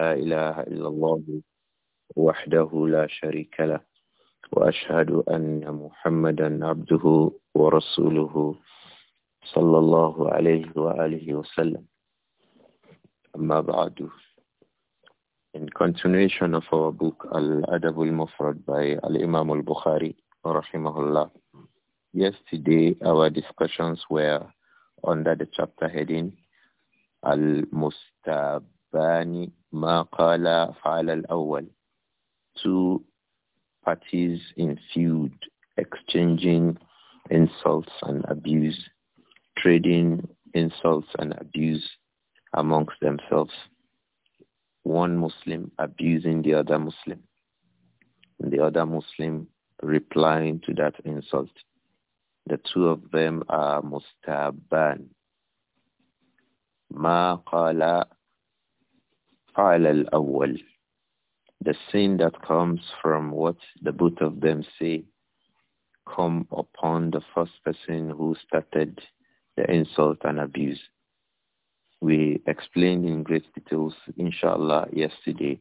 إله إلا الله وحده لا شريك له وأشهد أن محمدا عبده ورسوله صلى الله عليه وآله وسلم أما بعد In continuation of our book Al-Adab al-Mufrad by Al-Imam al-Bukhari rahimahullah Yesterday our discussions were under the chapter heading Al-Mustab الثاني ما قال فعل الأول two parties in feud exchanging insults and abuse trading insults and abuse amongst themselves one Muslim abusing the other Muslim the other Muslim replying to that insult the two of them are mustaban ma qala على الأول the sin that comes from what the both of them say come upon the first person who started the insult and abuse. We explained in great details, inshallah, yesterday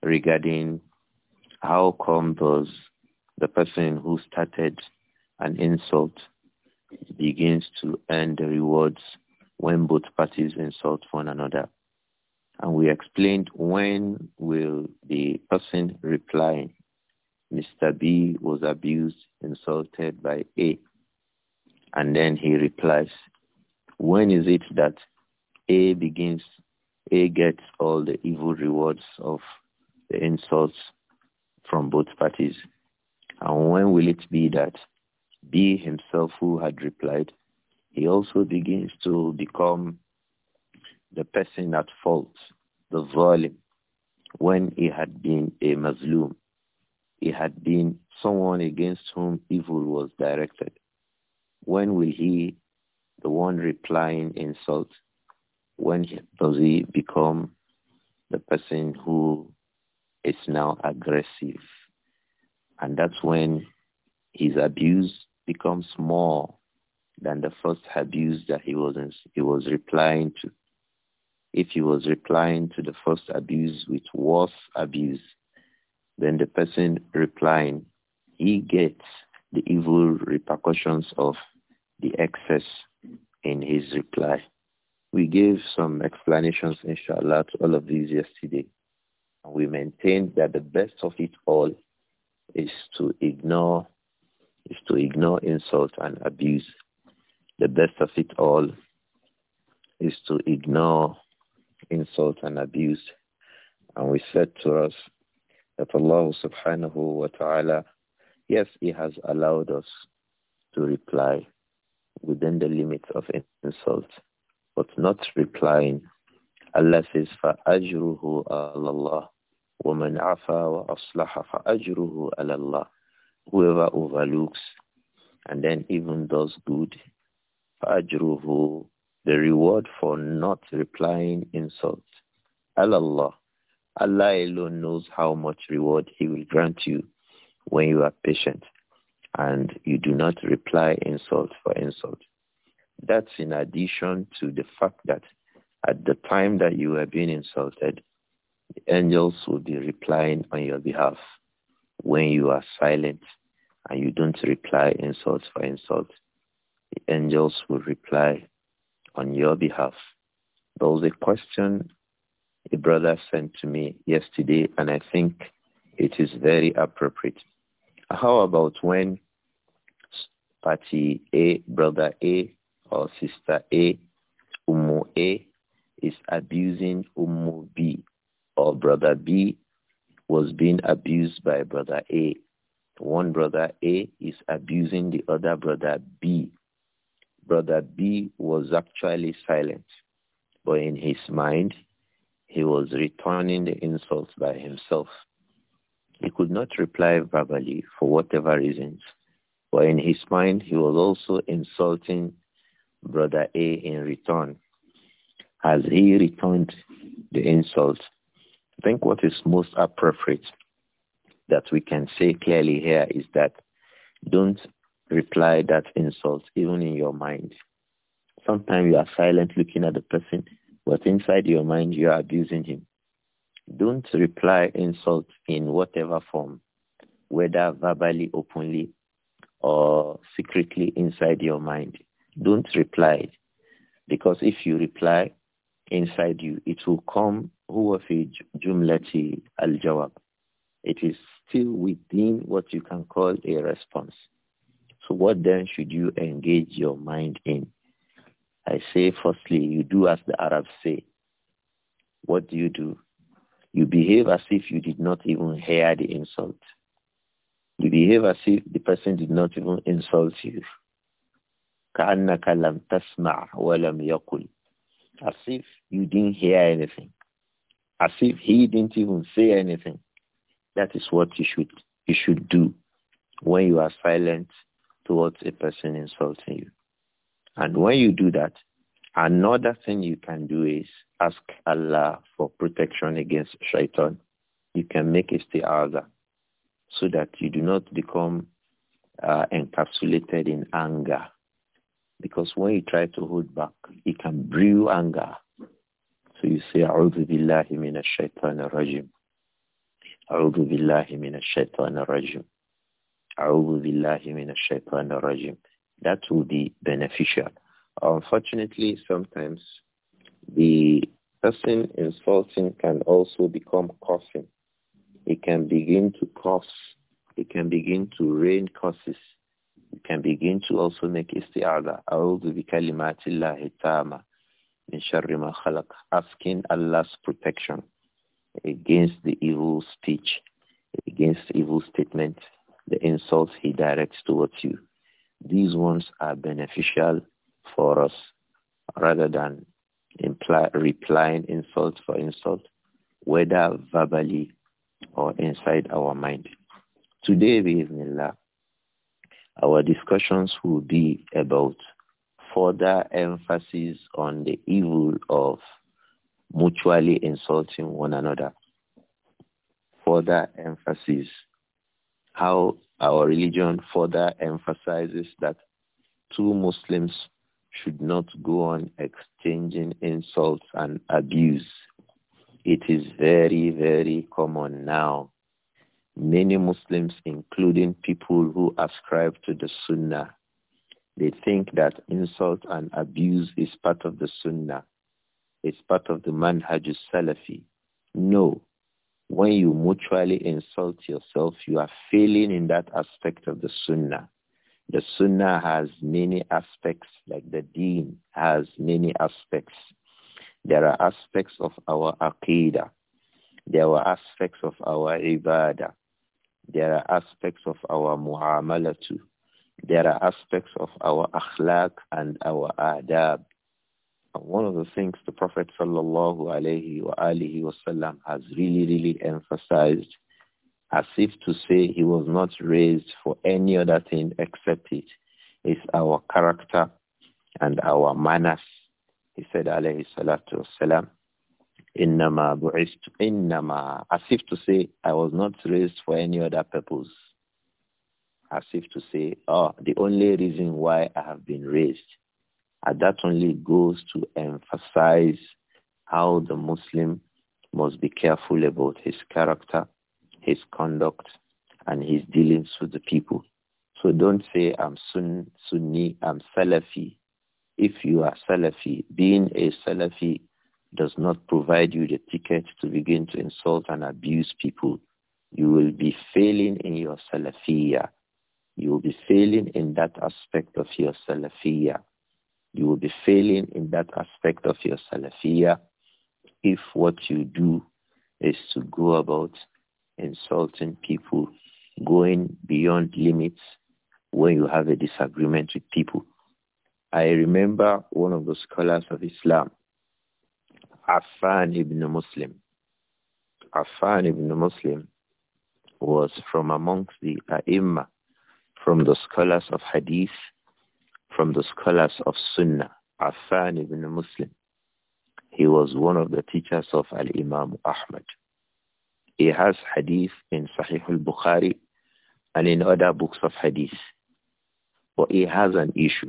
regarding how come does the person who started an insult begins to earn the rewards when both parties insult one another. And we explained when will the person reply. Mr. B was abused, insulted by A. And then he replies, when is it that A begins, A gets all the evil rewards of the insults from both parties? And when will it be that B himself, who had replied, he also begins to become the person at fault, the zalim, when he had been a mazloom, he had been someone against whom evil was directed. When will he, the one replying insult, when does he become the person who is now aggressive? And that's when his abuse becomes more than the first abuse that he was, he was replying to. If he was replying to the first abuse with worse abuse, then the person replying, he gets the evil repercussions of the excess in his reply. We gave some explanations, inshallah, to all of these yesterday. We maintained that the best of it all is to ignore is to ignore insult and abuse. The best of it all is to ignore insult and abuse. And we said to us that Allah subhanahu wa ta'ala, yes, he has allowed us to reply within the limits of insult, but not replying. Allah says, فَأَجْرُهُ عَلَى اللَّهِ وَمَنْ عَفَى وَأَصْلَحَ فَأَجْرُهُ عَلَى اللَّهِ Whoever overlooks and then even does good, فَأَجْرُهُ the reward for not replying insult. Allah, Allah alone knows how much reward he will grant you when you are patient and you do not reply insult for insult. That's in addition to the fact that at the time that you are being insulted, the angels will be replying on your behalf when you are silent and you don't reply insult for insult. The angels will reply on your behalf. There was a question a brother sent to me yesterday, and I think it is very appropriate. How about when party A, brother A, or sister A, Umu A, is abusing Umu B, or brother B was being abused by brother A. One brother A is abusing the other brother B Brother B was actually silent, but in his mind, he was returning the insults by himself. He could not reply verbally for whatever reasons, but in his mind, he was also insulting Brother A in return. As he returned the insults. I think what is most appropriate that we can say clearly here is that don't reply that insult even in your mind. Sometimes you are silent looking at the person, but inside your mind you are abusing him. Don't reply insult in whatever form, whether verbally, openly, or secretly inside your mind. Don't reply because if you reply inside you, it will come huwa jumlati al-jawab. It is still within what you can call a response. So what then should you engage your mind in? I say, firstly, you do as the Arabs say. What do you do? You behave as if you did not even hear the insult. You behave as if the person did not even insult you. كأنك لم تسمع ولم يقل. As if you didn't hear anything. As if he didn't even say anything. That is what you should you should do when you are silent towards a person insulting you. And when you do that, another thing you can do is ask Allah for protection against shaitan. You can make istiaza so that you do not become uh, encapsulated in anger. Because when you try to hold back, it can brew anger. So you say, A'udhu billahi shaytan shaitan rajim. A'udhu billahi shaytan ar rajim. That will be beneficial. Unfortunately, sometimes the person insulting can also become coughing. It can begin to cough. It can begin to rain curses. It can begin to also make isti'adah. أعوذ بكلمات الله التامة من شر ما خلق. Asking Allah's protection against the evil speech, against evil statements the insults he directs towards you. These ones are beneficial for us rather than imply, replying insult for insult, whether verbally or inside our mind. Today, Bismillah, our discussions will be about further emphasis on the evil of mutually insulting one another. Further emphasis how our religion further emphasizes that two Muslims should not go on exchanging insults and abuse. It is very, very common now. Many Muslims, including people who ascribe to the Sunnah, they think that insult and abuse is part of the Sunnah. It's part of the Manhaj Salafi. No, when you mutually insult yourself, you are failing in that aspect of the sunnah. The sunnah has many aspects, like the deen has many aspects. There are aspects of our aqidah. There are aspects of our ibadah. There are aspects of our mu'amalatu. There are aspects of our akhlaq and our adab. And one of the things the Prophet sallallahu alaihi wasallam has really, really emphasized as if to say he was not raised for any other thing except it is our character and our manners. He said alayhi salatu wasalam, innama bu'istu, innama, as if to say I was not raised for any other purpose. As if to say, oh, the only reason why I have been raised and that only goes to emphasize how the Muslim must be careful about his character, his conduct, and his dealings with the people. So don't say, I'm Sun, Sunni, I'm Salafi. If you are Salafi, being a Salafi does not provide you the ticket to begin to insult and abuse people. You will be failing in your Salafiyah. You will be failing in that aspect of your Salafiyah. You will be failing in that aspect of your salafiyah if what you do is to go about insulting people, going beyond limits when you have a disagreement with people. I remember one of the scholars of Islam, Affan ibn Muslim. Affan ibn Muslim was from amongst the ai am from the scholars of Hadith from the scholars of Sunnah, Affan ibn Muslim. He was one of the teachers of Al-Imam Ahmad. He has hadith in Sahih al-Bukhari and in other books of hadith. But he has an issue.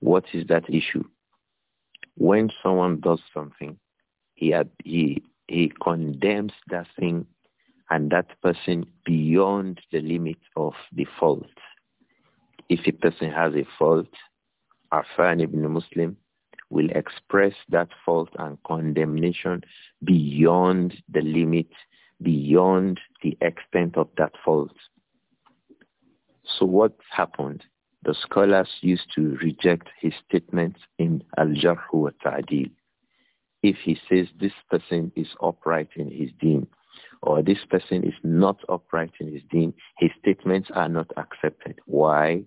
What is that issue? When someone does something, he, had, he, he condemns that thing and that person beyond the limit of the fault if a person has a fault, Afan ibn Muslim will express that fault and condemnation beyond the limit, beyond the extent of that fault. So what happened? The scholars used to reject his statements in Al-Jarh wa Ta'dil. If he says this person is upright in his deen, or this person is not upright in his deen, his statements are not accepted. Why?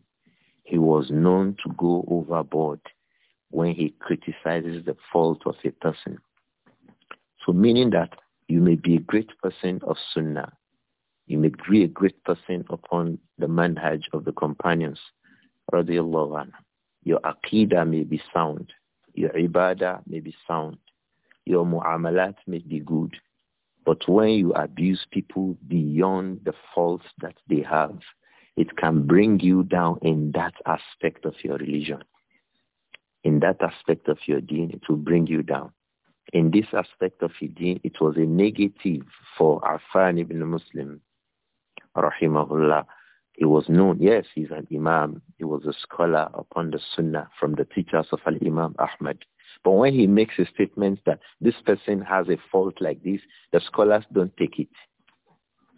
He was known to go overboard when he criticizes the fault of a person. So meaning that you may be a great person of Sunnah. You may be a great person upon the manhaj of the companions. Your aqidah may be sound. Your ibadah may be sound. Your mu'amalat may be good. But when you abuse people beyond the faults that they have, it can bring you down in that aspect of your religion. In that aspect of your deen, it will bring you down. In this aspect of your deen, it was a negative for Afan ibn Muslim, rahimahullah. He was known, yes, he's an imam. He was a scholar upon the sunnah from the teachers of al-imam Ahmad. But when he makes a statement that this person has a fault like this, the scholars don't take it.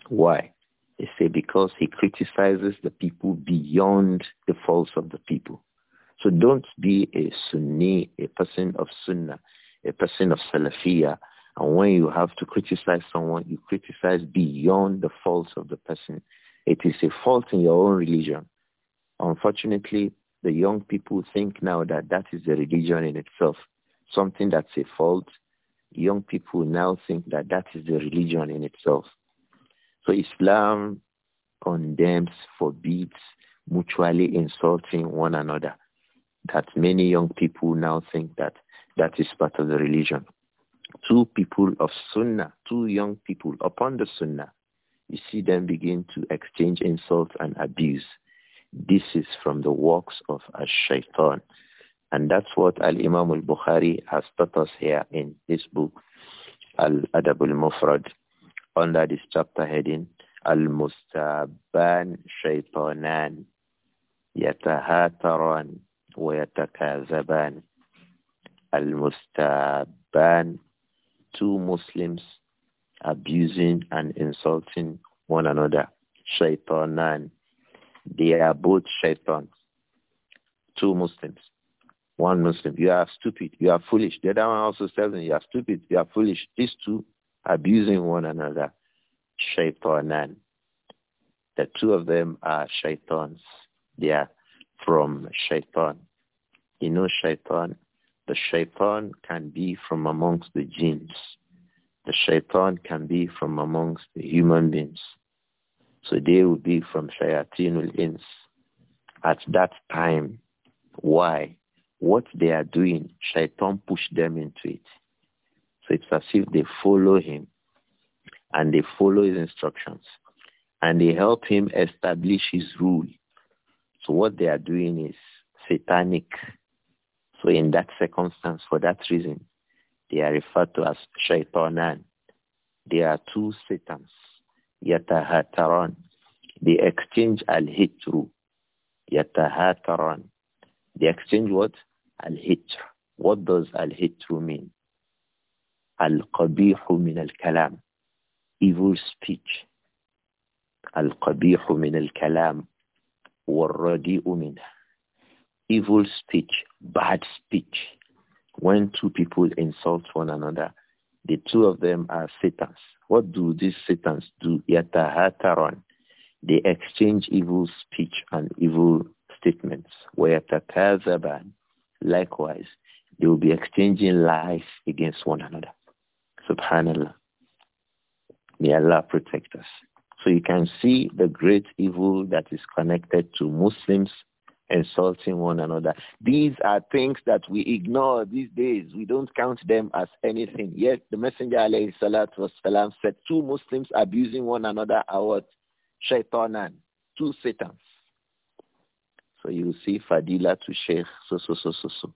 Why? They say because he criticizes the people beyond the faults of the people. So don't be a Sunni, a person of Sunnah, a person of Salafiyah. And when you have to criticize someone, you criticize beyond the faults of the person. It is a fault in your own religion. Unfortunately, the young people think now that that is a religion in itself, something that's a fault. Young people now think that that is the religion in itself. So Islam condemns, forbids mutually insulting one another. That many young people now think that that is part of the religion. Two people of Sunnah, two young people upon the Sunnah, you see them begin to exchange insults and abuse. This is from the works of ash And that's what Al-Imam al-Bukhari has taught us here in this book, Al-Adab al-Mufrad under this chapter heading, Al-Mustaban Shaytanan Yatahataran Wayatakazaban. Al-Mustaban, two Muslims abusing and insulting one another. Shaitanan, they are both shaitans. Two Muslims. One Muslim, you are stupid, you are foolish. The other one also says, you are stupid, you are foolish. These two abusing one another, shaitanan. The two of them are shaitans. They are from shaitan. You know shaitan? The shaitan can be from amongst the jinns. The shaitan can be from amongst the human beings. So they will be from shayatinul ins at that time. Why? What they are doing, shaitan pushed them into it. So it's as if they follow him and they follow his instructions and they help him establish his rule. So what they are doing is satanic. So in that circumstance, for that reason, they are referred to as shaitanan. They are two satans, yatahataran. They exchange al-hitru, yatahataran. They exchange what? Al-hitr. What does al-hitru mean? القبيح من الكلام Evil speech. القبيح من الكلام والرديء منه Evil speech, bad speech. When two people insult one another, the two of them are satans. What do these satans do? They exchange evil speech and evil statements. Likewise, they will be exchanging lies against one another. Subhanallah. May Allah protect us. So you can see the great evil that is connected to Muslims insulting one another. These are things that we ignore these days. We don't count them as anything. Yet the Messenger alayhi salatu wasalam, said two Muslims abusing one another are what? Shaitanan, two satans. So you see Fadila to Sheikh, so, so, so, so, so,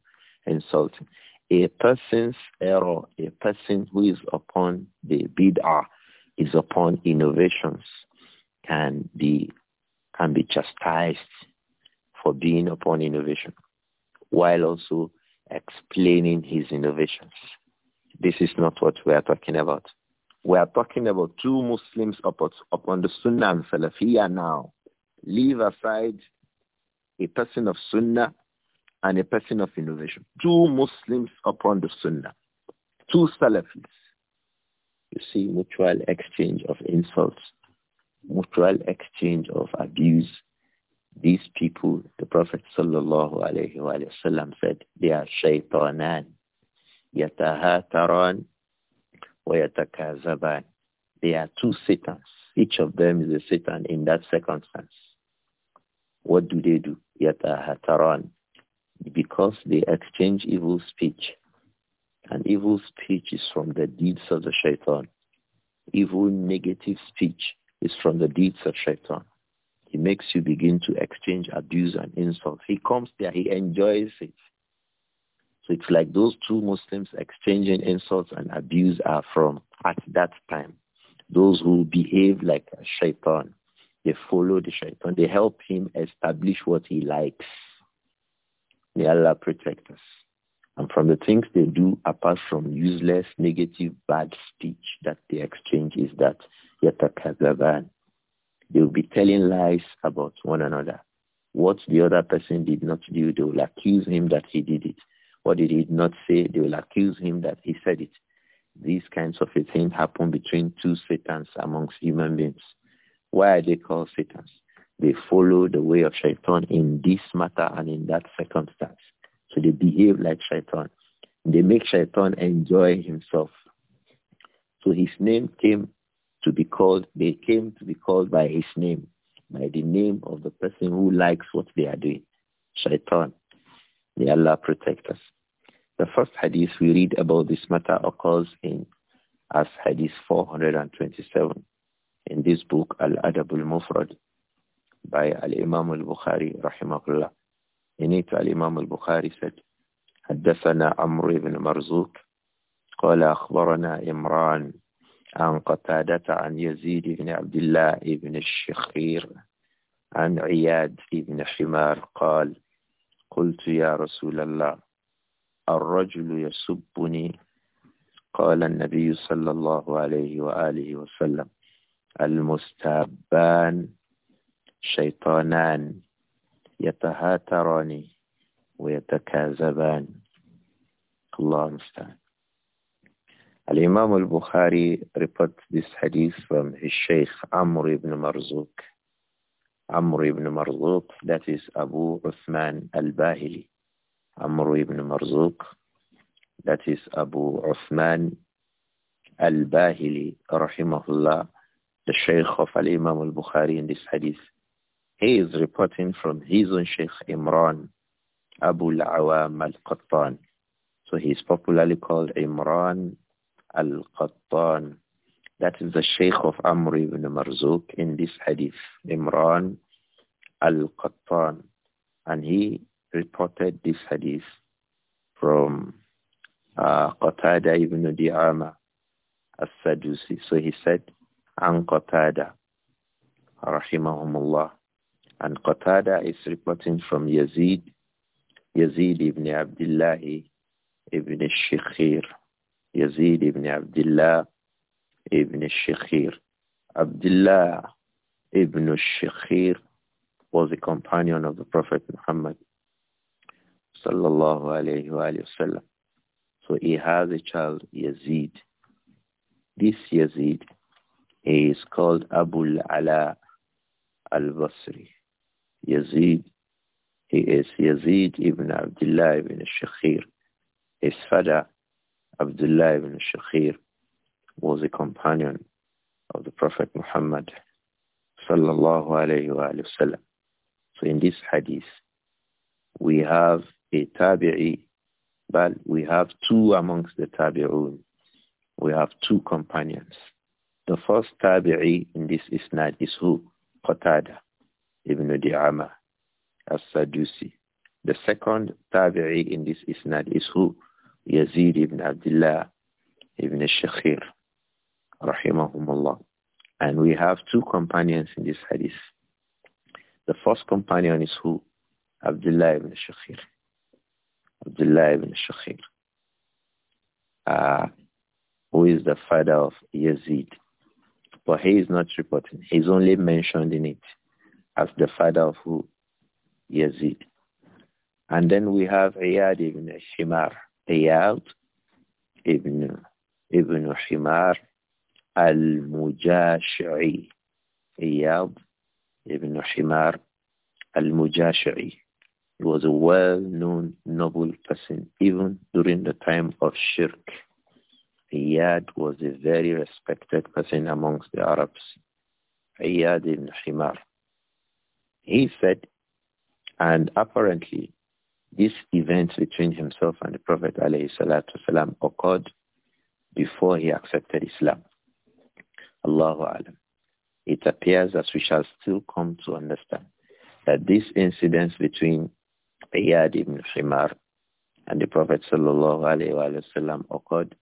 insulting a person's error, a person who is upon the bid'ah, is upon innovations, can be can be chastised for being upon innovation, while also explaining his innovations. This is not what we are talking about. We are talking about two Muslims upon, upon the Sunnah and Salafiyah now. Leave aside a person of Sunnah and a person of innovation. Two Muslims upon the Sunnah. Two Salafis. You see mutual exchange of insults, mutual exchange of abuse. These people, the Prophet sallallahu alayhi wa sallam said, they are shaytanan, yatahataran, wa yatakazaban. They are two satans. Each of them is a satan in that circumstance. What do they do? Yatahataran because they exchange evil speech. And evil speech is from the deeds of the shaitan. Evil negative speech is from the deeds of shaitan. He makes you begin to exchange abuse and insults. He comes there, he enjoys it. So it's like those two Muslims exchanging insults and abuse are from at that time. Those who behave like a shaitan, they follow the shaitan, they help him establish what he likes. May Allah protect us. And from the things they do, apart from useless, negative, bad speech that they exchange, is that yatakadaban. They will be telling lies about one another. What the other person did not do, they will accuse him that he did it. What he did not say, they will accuse him that he said it. These kinds of things happen between two satans amongst human beings. Why are they called satans? They follow the way of shaitan in this matter and in that circumstance. So they behave like shaitan. They make shaitan enjoy himself. So his name came to be called, they came to be called by his name, by the name of the person who likes what they are doing, shaitan. May Allah protect us. The first hadith we read about this matter occurs in as hadith 427 in this book, Al-Adab al-Mufrad by الإمام البخاري رحمه الله إنيت الإمام البخاري said, حدثنا عمرو بن مرزوق قال أخبرنا إمران عن قتادة عن يزيد بن عبد الله بن الشخير عن عياد بن حمار قال قلت يا رسول الله الرجل يسبني قال النبي صلى الله عليه وآله وسلم المستابان شيطانان يتهاتران ويتكاذبان الله المستعان الإمام البخاري ريبورت ديس حديث فم الشيخ عمرو بن مرزوق عمرو بن مرزوق ذات أبو عثمان الباهلي عمرو بن مرزوق ذات أبو عثمان الباهلي رحمه الله الشيخ الإمام البخاري ديس حديث He is reporting from his own Sheikh Imran, Abu al-Awam al-Qattan. So he is popularly called Imran al-Qattan. That is the Sheikh of Amr ibn Marzuk in this hadith, Imran al-Qattan. And he reported this hadith from uh, Qatada ibn Di'ama al-Sadusi. So he said, An Qatada, rahimahumullah. And Qatada is reporting from Yazid, Yazid ibn Abdullah ibn Shikhir. Yazid ibn Abdullah ibn Shikhir. Abdullah ibn Shikhir was a companion of the Prophet Muhammad sallallahu alayhi wa sallam. So he has a child, Yazid. This Yazid is called Abu al-Ala al-Basri. Yazid. He is Yazid ibn Abdullah ibn Shakhir. His father, Abdullah ibn Shakhir, was a companion of the Prophet Muhammad sallallahu alayhi wa sallam. So in this hadith, we have a tabi'i, but we have two amongst the tabi'un. We have two companions. The first tabi'i in this isnad is who? Qatada. Ibn Di'ama as-Sadusi. The second tabi'i in this isnad is who? Yazid ibn Abdullah ibn al Shakhir, rahimahumullah. And we have two companions in this hadith. The first companion is who? Abdullah ibn al Shakhir. Abdullah ibn Shakhir. Uh, who is the father of Yazid. But he is not reporting. He is only mentioned in it as the father of who? Yazid. And then we have Iyad ibn Shimar. Iyad ibn, ibn Shimar al Mujashari. Iyad ibn Shimar al Mujashari He was a well-known noble person even during the time of Shirk. Iyad was a very respected person amongst the Arabs. Iyad ibn Shimar. He said, and apparently this event between himself and the Prophet والسلام, occurred before he accepted Islam. Allahu Alam. It appears as we shall still come to understand that this incident between Iyad ibn Himar and the Prophet وسلم, occurred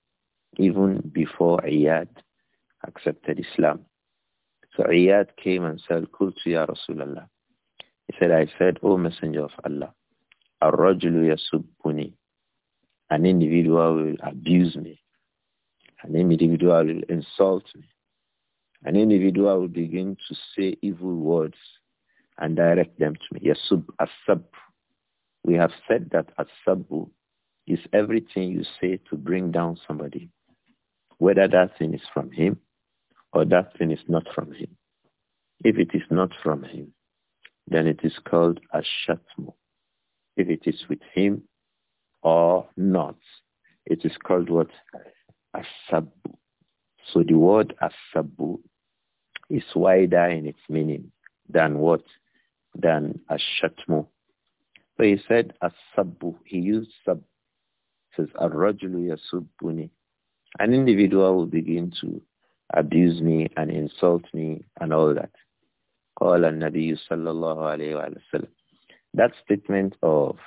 even before Iyad accepted Islam. So Iyad came and said, Kultu Ya Rasulallah. He said, I said, O Messenger of Allah, Ar-Rajulu Yasubbuni, an individual will abuse me. An individual will insult me. An individual will begin to say evil words and direct them to me. Yasub Asab. We have said that Asabu is everything you say to bring down somebody, whether that thing is from him or that thing is not from him. If it is not from him, then it is called ashatmo. If it is with him or not, it is called what? Asabu. So the word asabu is wider in its meaning than what? Than ashatmo. So he said asabu. He used sab. Says arrajulu yasubuni. An individual will begin to abuse me and insult me and all that. قال النبي صلى الله عليه That statement of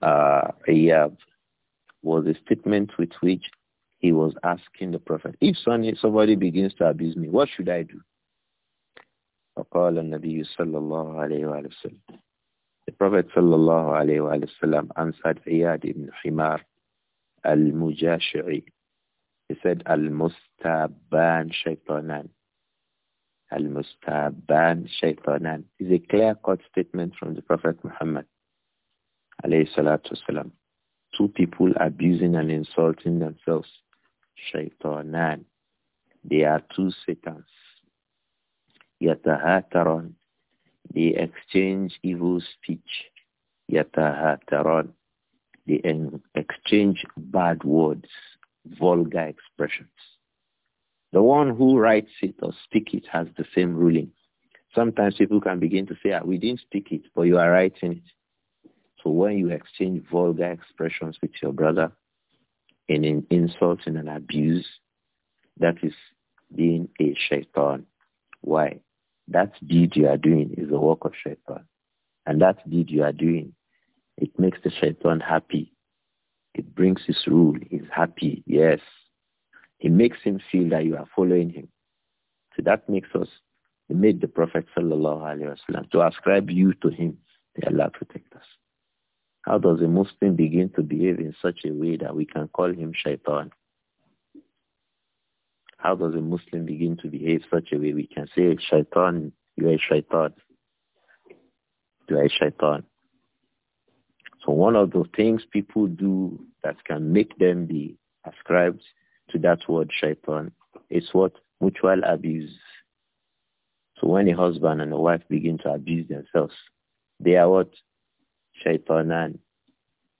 uh, Iyab was a statement with which he was asking the Prophet, if somebody begins to abuse me, what should I do? فقال النبي صلى الله عليه The Prophet sallallahu الله عليه answered Iyad ibn Himar al-Mujashi'i. He said, al-Mustaban shaytanan al-mustabban shaytanan is a clear-cut statement from the Prophet Muhammad Two people abusing and insulting themselves, shaytanan. They are two satans. Yatahataron. They exchange evil speech. Yatahataron. They exchange bad words, vulgar expressions. The one who writes it or speak it has the same ruling. Sometimes people can begin to say, ah, we didn't speak it, but you are writing it. So when you exchange vulgar expressions with your brother in an insult and an abuse, that is being a shaitan. Why? That deed you are doing is the work of shaitan. And that deed you are doing, it makes the shaitan happy. It brings his rule. He's happy. Yes, he makes him feel that you are following him. So that makes us, it made the Prophet wasallam to ascribe you to him. May Allah protect us. How does a Muslim begin to behave in such a way that we can call him shaitan? How does a Muslim begin to behave such a way we can say, shaitan, you are a shaitan. You are a shaitan. So one of the things people do that can make them be ascribed to that word shaitan is what? Mutual abuse. So when a husband and a wife begin to abuse themselves, they are what? Shaitanan.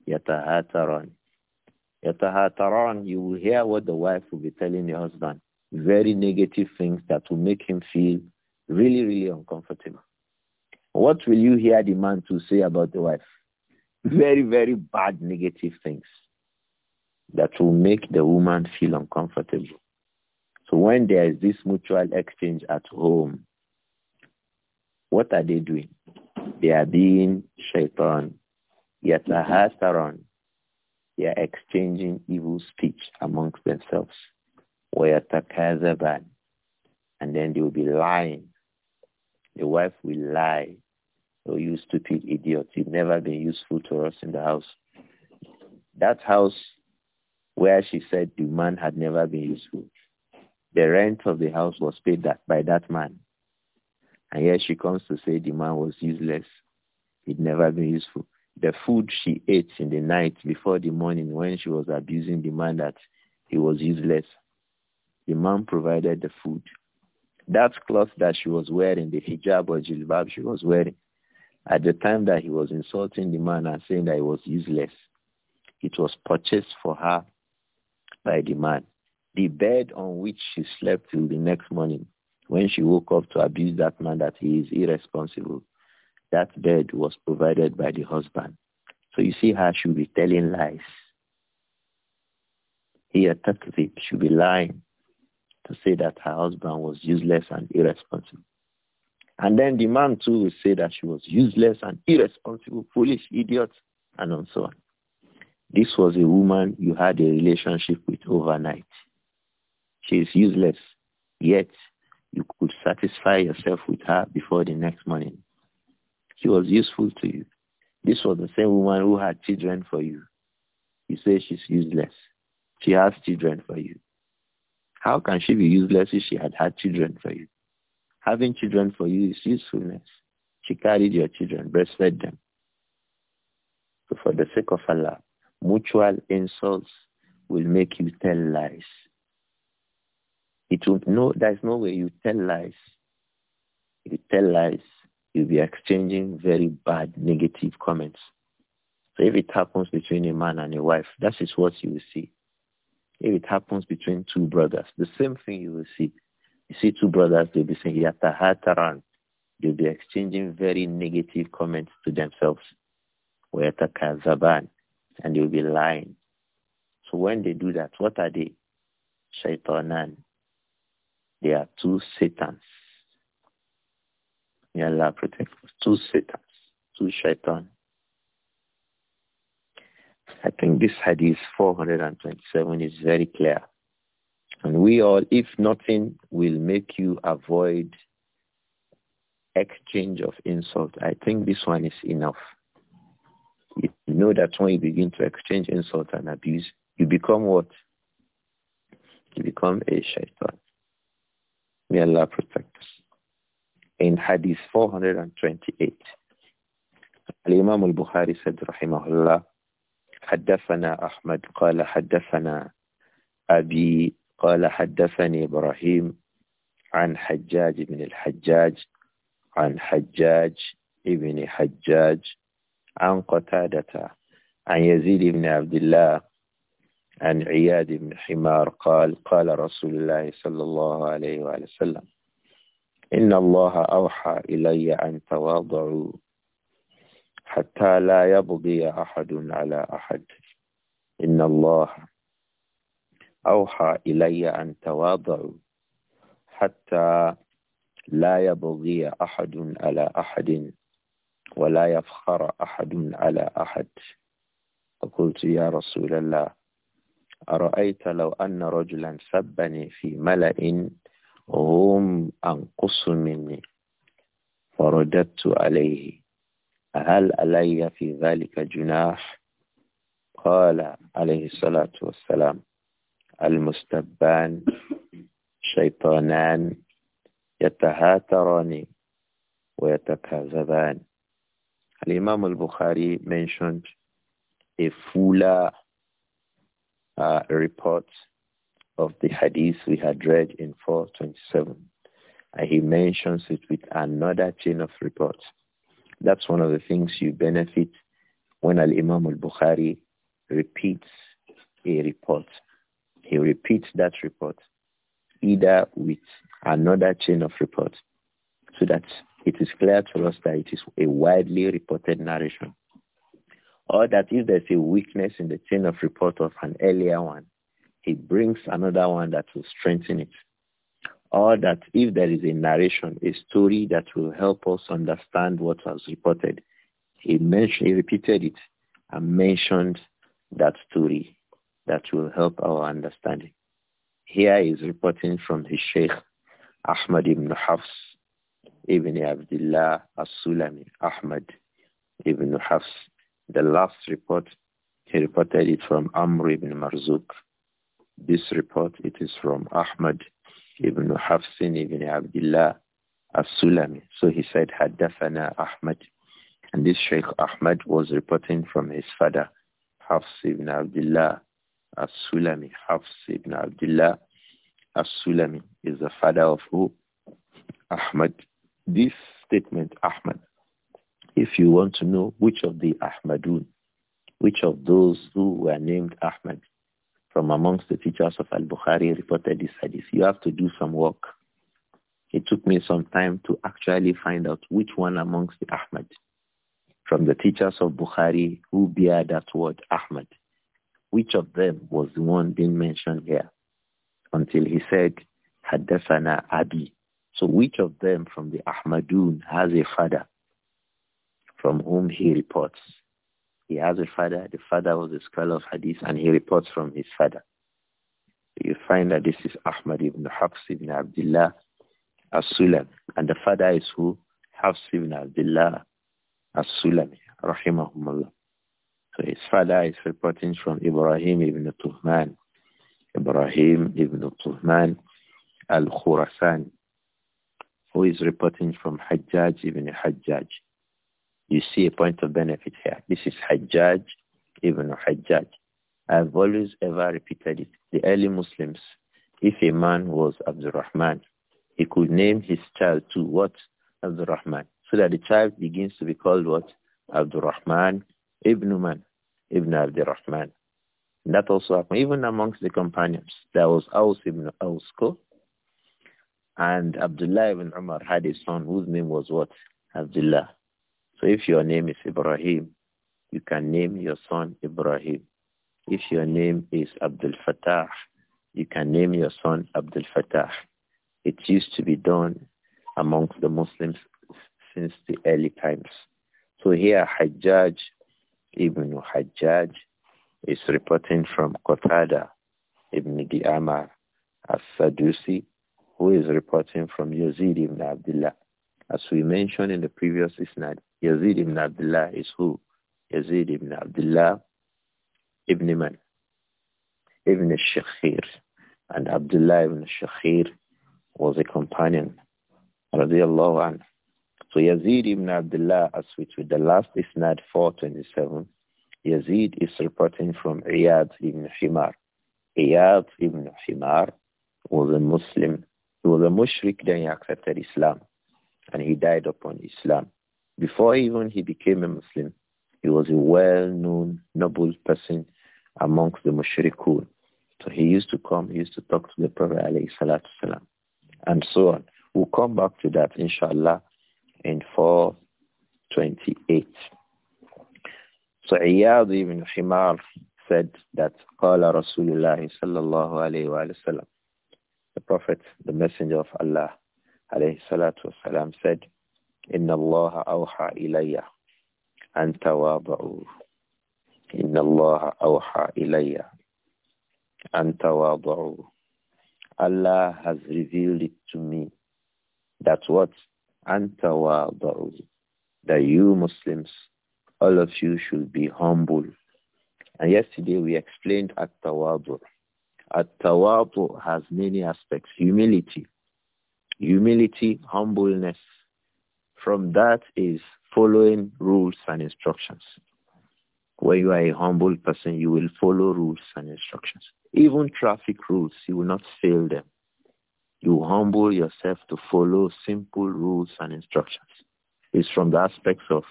Yatahataran. Yatahataran, you will hear what the wife will be telling the husband. Very negative things that will make him feel really, really uncomfortable. What will you hear the man to say about the wife? Very, very bad negative things that will make the woman feel uncomfortable. So when there is this mutual exchange at home, what are they doing? They are being shaitan, yatahasaran. They are exchanging evil speech amongst themselves. Wayatakazaban. And then they will be lying. The wife will lie. Oh, you stupid idiot. You've never been useful to us in the house. That house where she said the man had never been useful. The rent of the house was paid that, by that man. And here she comes to say the man was useless. He'd never been useful. The food she ate in the night before the morning when she was abusing the man that he was useless. The man provided the food. That cloth that she was wearing, the hijab or jilbab she was wearing, at the time that he was insulting the man and saying that he was useless, it was purchased for her by the man. The bed on which she slept till the next morning, when she woke up to abuse that man that he is irresponsible, that bed was provided by the husband. So you see how she'll be telling lies. Here, Takvip, she'll be lying to say that her husband was useless and irresponsible. And then the man too will say that she was useless and irresponsible, foolish, idiot, and so on. This was a woman you had a relationship with overnight. She is useless, yet you could satisfy yourself with her before the next morning. She was useful to you. This was the same woman who had children for you. You say she's useless. She has children for you. How can she be useless if she had had children for you? Having children for you is usefulness. She carried your children, breastfed them. So for the sake of Allah, Mutual insults will make you tell lies. It will no there's no way you tell lies. You tell lies, you'll be exchanging very bad negative comments. So if it happens between a man and a wife, that is what you will see. If it happens between two brothers, the same thing you will see. You see two brothers, they'll be saying yatahataran. They'll be exchanging very negative comments to themselves. Wayatakazaban and they'll be lying. So when they do that, what are they? Shaitanan. They are two satans. May Allah protect us. Two satans, two shaitan. I think this hadith 427 is very clear. And we all, if nothing will make you avoid exchange of insult, I think this one is enough. You know that when you begin to exchange insult and abuse, you become what? You become a shaitan. May Allah protect us. In Hadith 428, Imam Al Bukhari said "Rahimahullah." الله حدثنا أحمد قال حدثنا أبي قال حدثني إبراهيم عن حجاج بن الحجاج عن حجاج ابن حجاج عن قتادة عن يزيد بن عبد الله عن عياد بن حمار قال قال رسول الله صلى الله عليه وآله وسلم إن الله أوحى إلي أن تواضعوا حتى لا يبغي أحد على أحد إن الله أوحى إلي أن تواضعوا حتى لا يبغي أحد على أحد ولا يفخر أحد على أحد فقلت يا رسول الله أرأيت لو أن رجلا سبني في ملأ هم أنقص مني فرددت عليه هل علي في ذلك جناح قال عليه الصلاة والسلام المستبان شيطانان يتهاتران ويتكاذبان Al-Imam al-Bukhari mentioned a fuller uh, report of the hadith we had read in 427. And he mentions it with another chain of reports. That's one of the things you benefit when Al-Imam al-Bukhari repeats a report. He repeats that report either with another chain of reports so that it is clear to us that it is a widely reported narration. Or that if there's a weakness in the chain of report of an earlier one, he brings another one that will strengthen it. Or that if there is a narration, a story that will help us understand what was reported, he mentioned, he repeated it and mentioned that story that will help our understanding. Here is reporting from his Sheikh Ahmad ibn Hafs Ibn Abdullah As-Sulami, Ahmad Ibn Hafs. The last report, he reported it from Amr ibn Marzuk. This report, it is from Ahmad ibn Hafs ibn Abdullah As-Sulami. So he said, Haddathana Ahmad. And this Sheikh Ahmad was reporting from his father, Hafs ibn Abdullah As-Sulami. Hafs ibn Abdullah As-Sulami is the father of who? Ahmad this statement, Ahmad, if you want to know which of the Ahmadun, which of those who were named Ahmad from amongst the teachers of Al-Bukhari reported this hadith, you have to do some work. It took me some time to actually find out which one amongst the Ahmad from the teachers of Bukhari who bear that word Ahmad. Which of them was the one being mentioned here? Until he said, Haddathana Abi. So which of them from the Ahmadun has a father from whom he reports? He has a father. The father was a scholar of hadith and he reports from his father. You find that this is Ahmad ibn Hafs ibn Abdullah as-Sulam. And the father is who? Hafs ibn Abdullah as-Sulami, rahimahumullah. So his father is reporting from Ibrahim ibn Tuhman. Ibrahim ibn Tuhman al-Khurasani who is reporting from Hajjaj ibn Hajjaj. You see a point of benefit here. This is Hajjaj ibn Hajjaj. I've always ever repeated it. The early Muslims, if a man was Abdurrahman, he could name his child to what? Abdurrahman. So that the child begins to be called what? Abdurrahman ibn Man, ibn Abdurrahman. And that also happened even amongst the companions. There was Aus ibn Ausko, and Abdullah ibn Umar had a son whose name was what? Abdullah. So if your name is Ibrahim, you can name your son Ibrahim. If your name is Abdul Fattah, you can name your son Abdul Fattah. It used to be done amongst the Muslims since the early times. So here Hajjaj ibn Hajjaj is reporting from Qatada ibn Di'amar as-Sadusi who is reporting from Yazid ibn Abdullah. As we mentioned in the previous isnad, Yazid ibn Abdullah is who? Yazid ibn Abdullah ibn Man, ibn Shakhir. And Abdullah ibn Shakhir was a companion, radiallahu anhu. So Yazid ibn Abdullah, as with, with the last isnad 427, Yazid is reporting from Iyad ibn Himar. Iyad ibn Himar was a Muslim he was a mushrik, then he accepted Islam and he died upon Islam. Before even he became a Muslim, he was a well-known, noble person amongst the mushrikun. So he used to come, he used to talk to the Prophet alayhi and so on. We'll come back to that, inshallah, in 428. So Iyad ibn Himar said that, قال رسول الله صلى الله عليه وسلم the Prophet, the Messenger of Allah, alayhi salatu wasalam, said, إِنَّ اللَّهَ أَوْحَى إِلَيَّ أَنْ تَوَاضَعُوا إِنَّ اللَّهَ أَوْحَى إِلَيَّ أَنْ تَوَاضَعُوا Allah has revealed it to me. that what? أَنْ تَوَاضَعُوا That you Muslims, all of you should be humble. And yesterday we explained at-tawadu, at-tawadu has many aspects. Humility. Humility, humbleness. From that is following rules and instructions. When you are a humble person, you will follow rules and instructions. Even traffic rules, you will not fail them. You humble yourself to follow simple rules and instructions. It's from the aspects of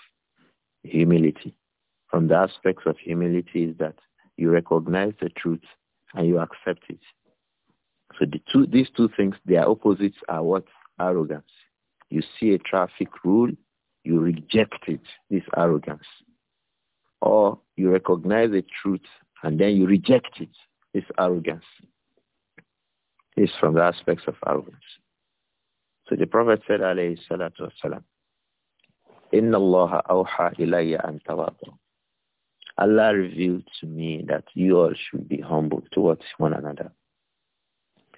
humility. From the aspects of humility is that you recognize the truth and you accept it. So the two, these two things, their opposites are what? Arrogance. You see a traffic rule, you reject it. This arrogance. Or you recognize the truth and then you reject it. This arrogance. It's from the aspects of arrogance. So the Prophet said, alayhi salatu wasalam, إِنَّ اللَّهَ أَوْحَى إِلَيَّ أَن تَوَاضَعُوا Allah revealed to me that you all should be humble towards one another.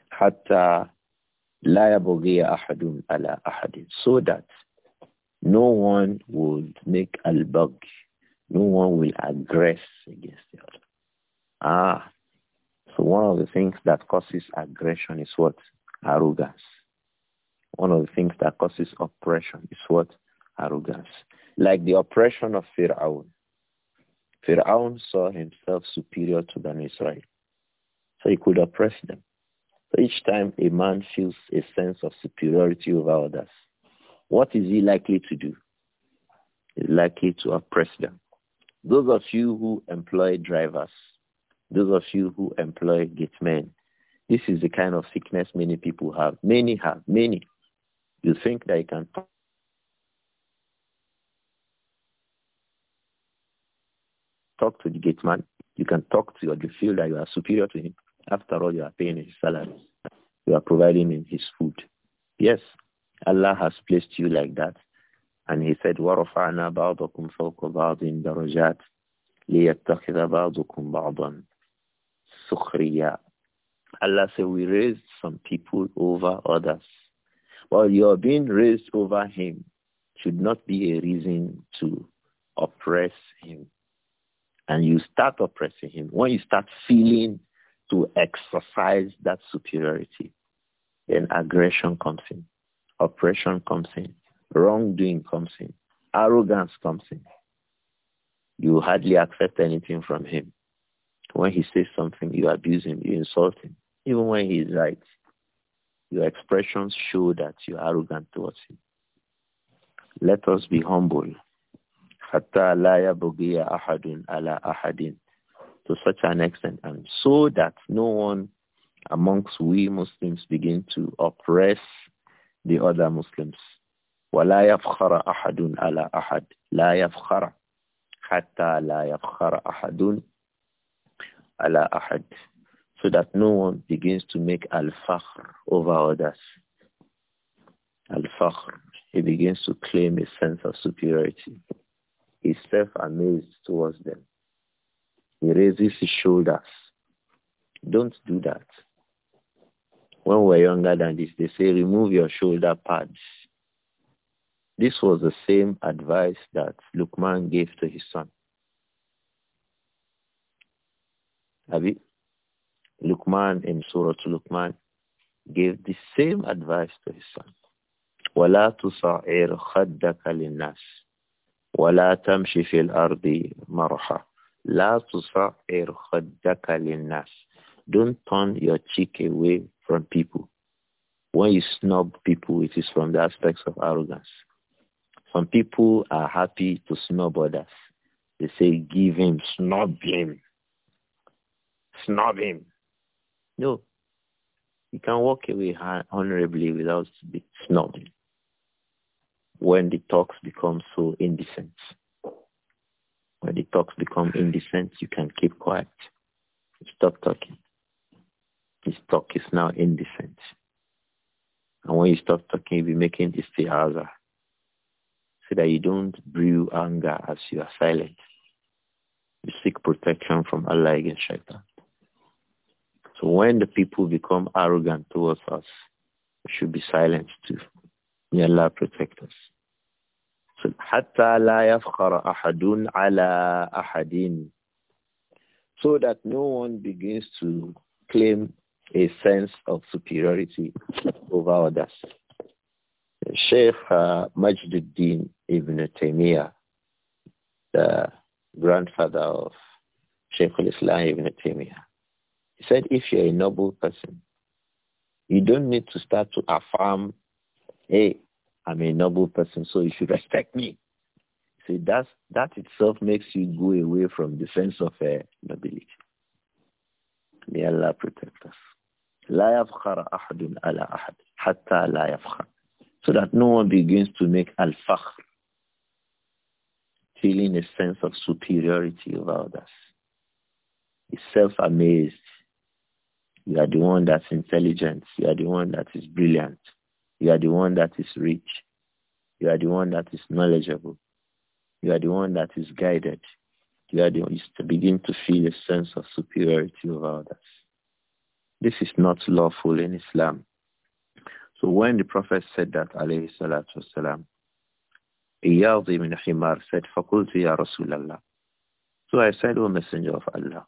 Hatta la ahadun ala ahadin. So that no one would make al-bug. No one will aggress against the other. Ah, so one of the things that causes aggression is what? Arrogance. One of the things that causes oppression is what? Arrogance. Like the oppression of Fir'aun. Fir'aun saw himself superior to the Israel. So he could oppress them. So each time a man feels a sense of superiority over others, what is he likely to do? He's likely to oppress them. Those of you who employ drivers, those of you who employ gate men, this is the kind of sickness many people have. Many have, many. You think that you can talk to the gate man. You can talk to your You feel that you are superior to him. After all, you are paying his salary. You are providing him his food. Yes, Allah has placed you like that. And he said, وَرَفَعْنَا بَعْضَكُمْ فَوْقَ بَعْضٍ دَرَجَاتٍ لِيَتَّخِذَ بَعْضُكُمْ بَعْضًا سُخْرِيًّا Allah said, we raised some people over others. While you're being raised over him should not be a reason to oppress him and you start oppressing him, when you start feeling to exercise that superiority, then aggression comes in, oppression comes in, wrongdoing comes in, arrogance comes in. You hardly accept anything from him. When he says something, you abuse him, you insult him. Even when he is right, your expressions show that you're arrogant towards him. Let us be humble حتى لا يبغي أحد على أحد to such an extent and so that no one amongst we Muslims begin to oppress the other Muslims. ولا يفخر أحد على أحد لا يفخر حتى لا يفخر أحد على أحد so that no one begins to make al-fakhr over others. Al-fakhr, he begins to claim a sense of superiority is self-amazed towards them. He raises his shoulders. Don't do that. When we are younger than this, they say remove your shoulder pads. This was the same advice that Lukman gave to his son. Abi, Lukman in Surah Lukman gave the same advice to his son. وَلَا تُصَعِرْ خَدَّكَ لِلنَّاسِ ولا تمشي في الأرض مرحا لا تصعر خدك للناس Don't turn your cheek away from people. When you snub people, it is from the aspects of arrogance. Some people are happy to snub others. They say, give him, snub him, snub him. No, you can walk away honorably without snubbing when the talks become so indecent. When the talks become indecent, you can keep quiet. Stop talking. This talk is now indecent. And when you stop talking, you'll be making istiaza so that you don't brew anger as you are silent. You seek protection from Allah against shaitan. So when the people become arrogant towards us, we should be silent too. May Allah protect us. So, حتى لا يفخر أحد على أحد. So that no one begins to claim a sense of superiority over others. Sheikh uh, Majduddin Ibn Taymiyyah, the grandfather of Sheikh al-Islam Ibn Taymiyyah, he said, if you're a noble person, you don't need to start to affirm, hey, I'm a noble person, so you should respect me. See, that's, that itself makes you go away from the sense of uh, nobility. May Allah protect us. لا يفخر أحد على أحد حتى لا يفخر. So that no one begins to make al-fakhr, feeling a sense of superiority over others. He's self-amazed. You are the one that's intelligent. You are the one that is brilliant. You are the one that is rich. You are the one that is knowledgeable. You are the one that is guided. You are the one to begin to feel a sense of superiority over others. This is not lawful in Islam. So when the Prophet said that, alayhi salatu wasalam, Iyad ibn Himar said, فَقُلْتُ ya Rasulallah. So I said, O Messenger of Allah,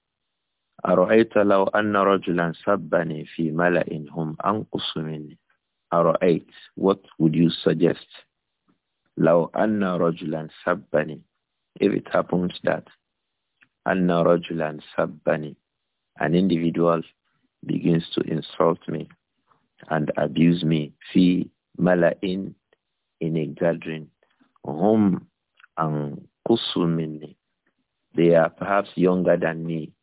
أَرَأَيْتَ لَوْ أَنَّ رَجُلًا سَبَّنِي فِي مَلَئٍ هُمْ أَنْقُصُ مِنِّي eight, what would you suggest لو Anna رجلا Sabbani. if it happens that Anna رجلا Sabbani, an individual begins to insult me and abuse me في ملأ in a gathering هم أنقص مني they are perhaps younger than me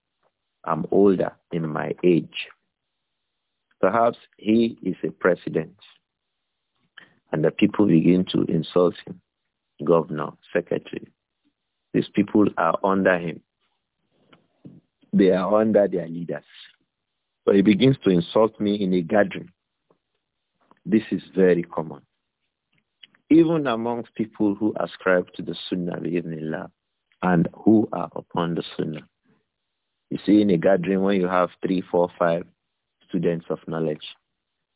I'm older in my age Perhaps he is a president. And the people begin to insult him. Governor, secretary. These people are under him. They are under their leaders. So he begins to insult me in a gathering. This is very common. Even amongst people who ascribe to the Sunnah, Allah, and who are upon the Sunnah. You see, in a gathering, when you have three, four, five, students of knowledge.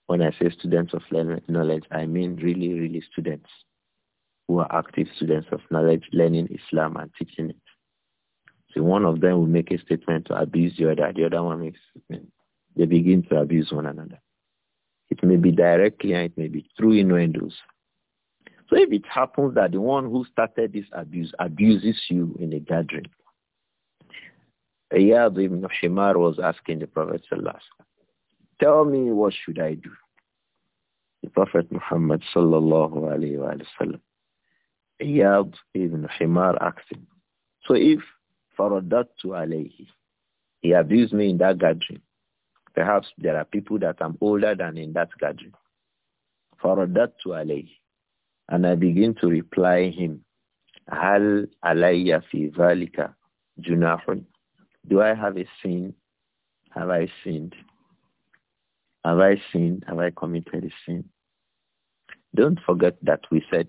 When I say students of knowledge, I mean really, really students who are active students of knowledge, learning Islam and teaching it. So one of them will make a statement to abuse the other. The other one makes They begin to abuse one another. It may be directly and it may be through innuendos. So if it happens that the one who started this abuse abuses you in a gathering, Ayyad ibn Shimar was asking the Prophet Sallallahu Tell me what should I do? The Prophet Muhammad sallallahu alayhi wa sallam, Iyad ibn Himar asked him, so if faradat to alayhi, he abused me in that gathering, perhaps there are people that I'm older than in that gathering. Faradat to alayhi. And I begin to reply him, Hal alayya fi dhalika junahun. Do I have a sin? Have I sinned? Have I sinned? Have I committed a sin? Don't forget that we said,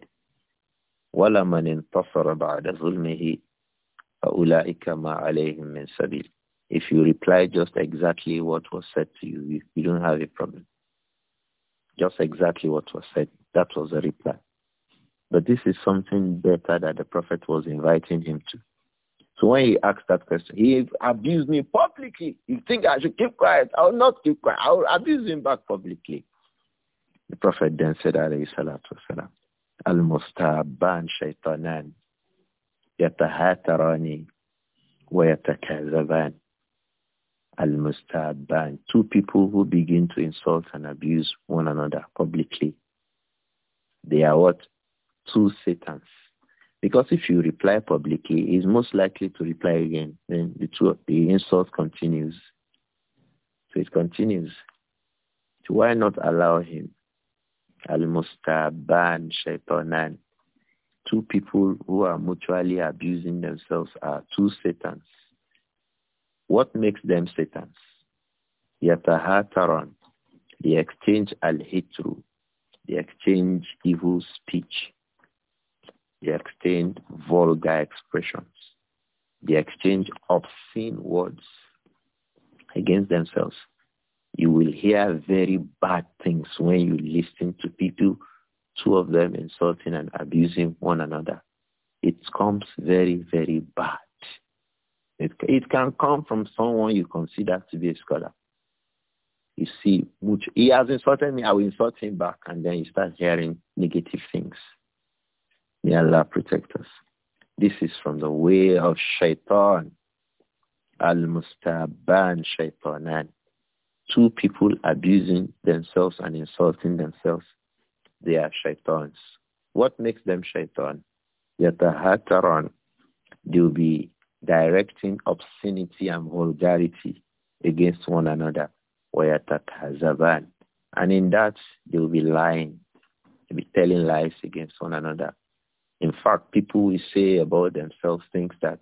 وَلَمَنْ انْتَصَرَ بَعْدَ ظُلْمِهِ فَأُولَٰئِكَ مَا عَلَيْهِمْ مِنْ سَبِيلٍ If you reply just exactly what was said to you, you don't have a problem. Just exactly what was said. That was the reply. But this is something better that the Prophet was inviting him to. So when he asked that question, he abused me publicly. You think I should keep quiet? I will not keep quiet. I will abuse him back publicly. The Prophet then said, alayhi salatu wasalam, al-mustaban shaytanan yatahatarani wa yatakazaban. Al-mustaban, two people who begin to insult and abuse one another publicly. They are what? Two satans because if you reply publicly, he's most likely to reply again. Then the, two, the insult continues. So it continues. So why not allow him? Al-Mustaban Shaitanan. Two people who are mutually abusing themselves are two satans. What makes them satans? Yatahataran. They exchange al-hitru. They exchange evil speech. They exchange vulgar expressions. They exchange obscene words against themselves. You will hear very bad things when you listen to people, two of them insulting and abusing one another. It comes very, very bad. It, it can come from someone you consider to be a scholar. You see, he has insulted me, I will insult him back, and then you start hearing negative things. May Allah protect us. This is from the way of shaitan. Al-Mustaban shaitanan. Two people abusing themselves and insulting themselves. They are shaitans. What makes them shaitan? Yatahataran. They'll be directing obscenity and vulgarity against one another. Wayatakhazaban. And in that, they'll be lying. They'll be telling lies against one another. In fact, people will say about themselves things that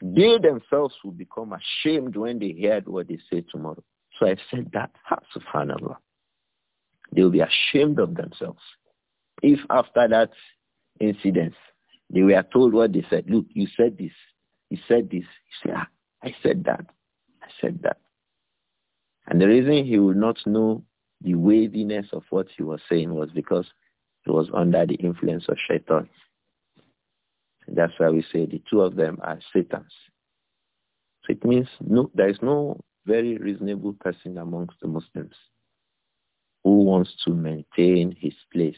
they themselves will become ashamed when they heard what they say tomorrow. So I've said that, ha, subhanAllah. They will be ashamed of themselves. If after that incident, they were told what they said, look, you said this, you said this, you said, ah, I said that, I said that. And the reason he would not know the waviness of what he was saying was because he was under the influence of Shaitan. That's why we say the two of them are Satans. So it means no, there is no very reasonable person amongst the Muslims who wants to maintain his place,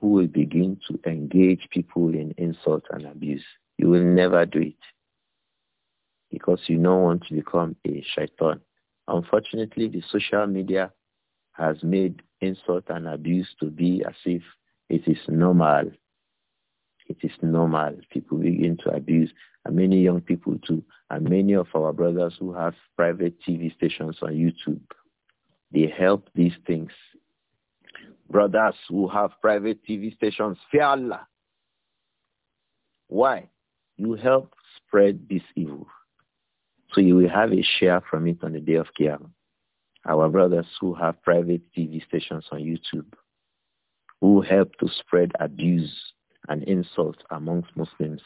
who will begin to engage people in insult and abuse. You will never do it because you don't want to become a shaitan. Unfortunately, the social media has made insult and abuse to be as if it is normal. It is normal. People begin to abuse, and many young people too, and many of our brothers who have private TV stations on YouTube, they help these things. Brothers who have private TV stations, fear Allah. Why? You help spread this evil. So you will have a share from it on the day of Qiyamah our brothers who have private TV stations on YouTube, who help to spread abuse and insult amongst Muslims,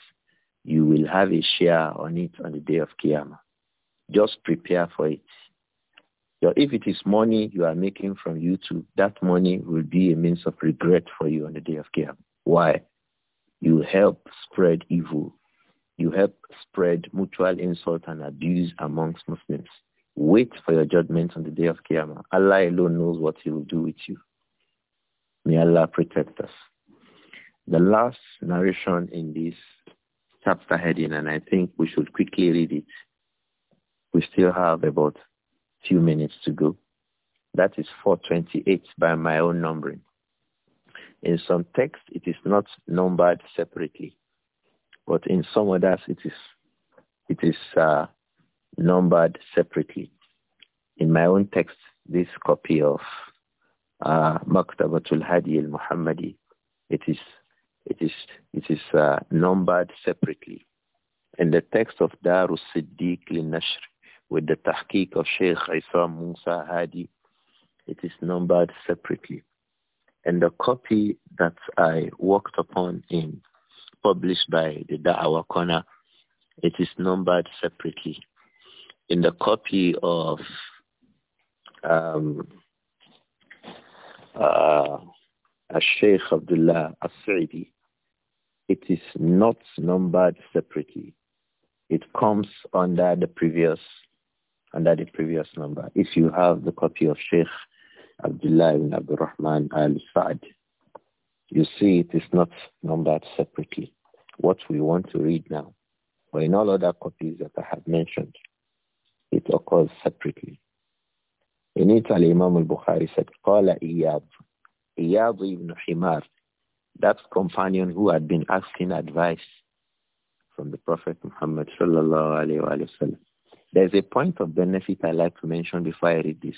you will have a share on it on the day of Qiyamah. Just prepare for it. If it is money you are making from YouTube, that money will be a means of regret for you on the day of Qiyamah. Why? You help spread evil. You help spread mutual insult and abuse amongst Muslims. Wait for your judgment on the day of Qiyamah. Allah alone knows what he will do with you. May Allah protect us. The last narration in this chapter heading, and I think we should quickly read it. We still have about few minutes to go. That is 428 by my own numbering. In some texts, it is not numbered separately, but in some others, it is it is uh, numbered separately. In my own text, this copy of uh, Maktabatul Hadi al-Muhammadi, it is, it is, it is uh, numbered separately. And the text of Darus Siddiq al-Nashr with the tahqiq of Sheikh Isa Musa Hadi, it is numbered separately. And the copy that I worked upon in published by the Da'awa Corner, it is numbered separately in the copy of um, uh, Sheikh Abdullah As-Sa'idi, is not numbered separately. It comes under the previous under the previous number. If you have the copy of Sheikh Abdullah ibn Abdul Rahman al sa you see it is not numbered separately. What we want to read now, or in all other copies that I have mentioned, it occurs separately. In it, imam al-Bukhari said, "Qala Iyad, Iyad ibn Himar, that companion who had been asking advice from the Prophet Muhammad sallallahu alayhi wa There's a point of benefit I like to mention before I read this.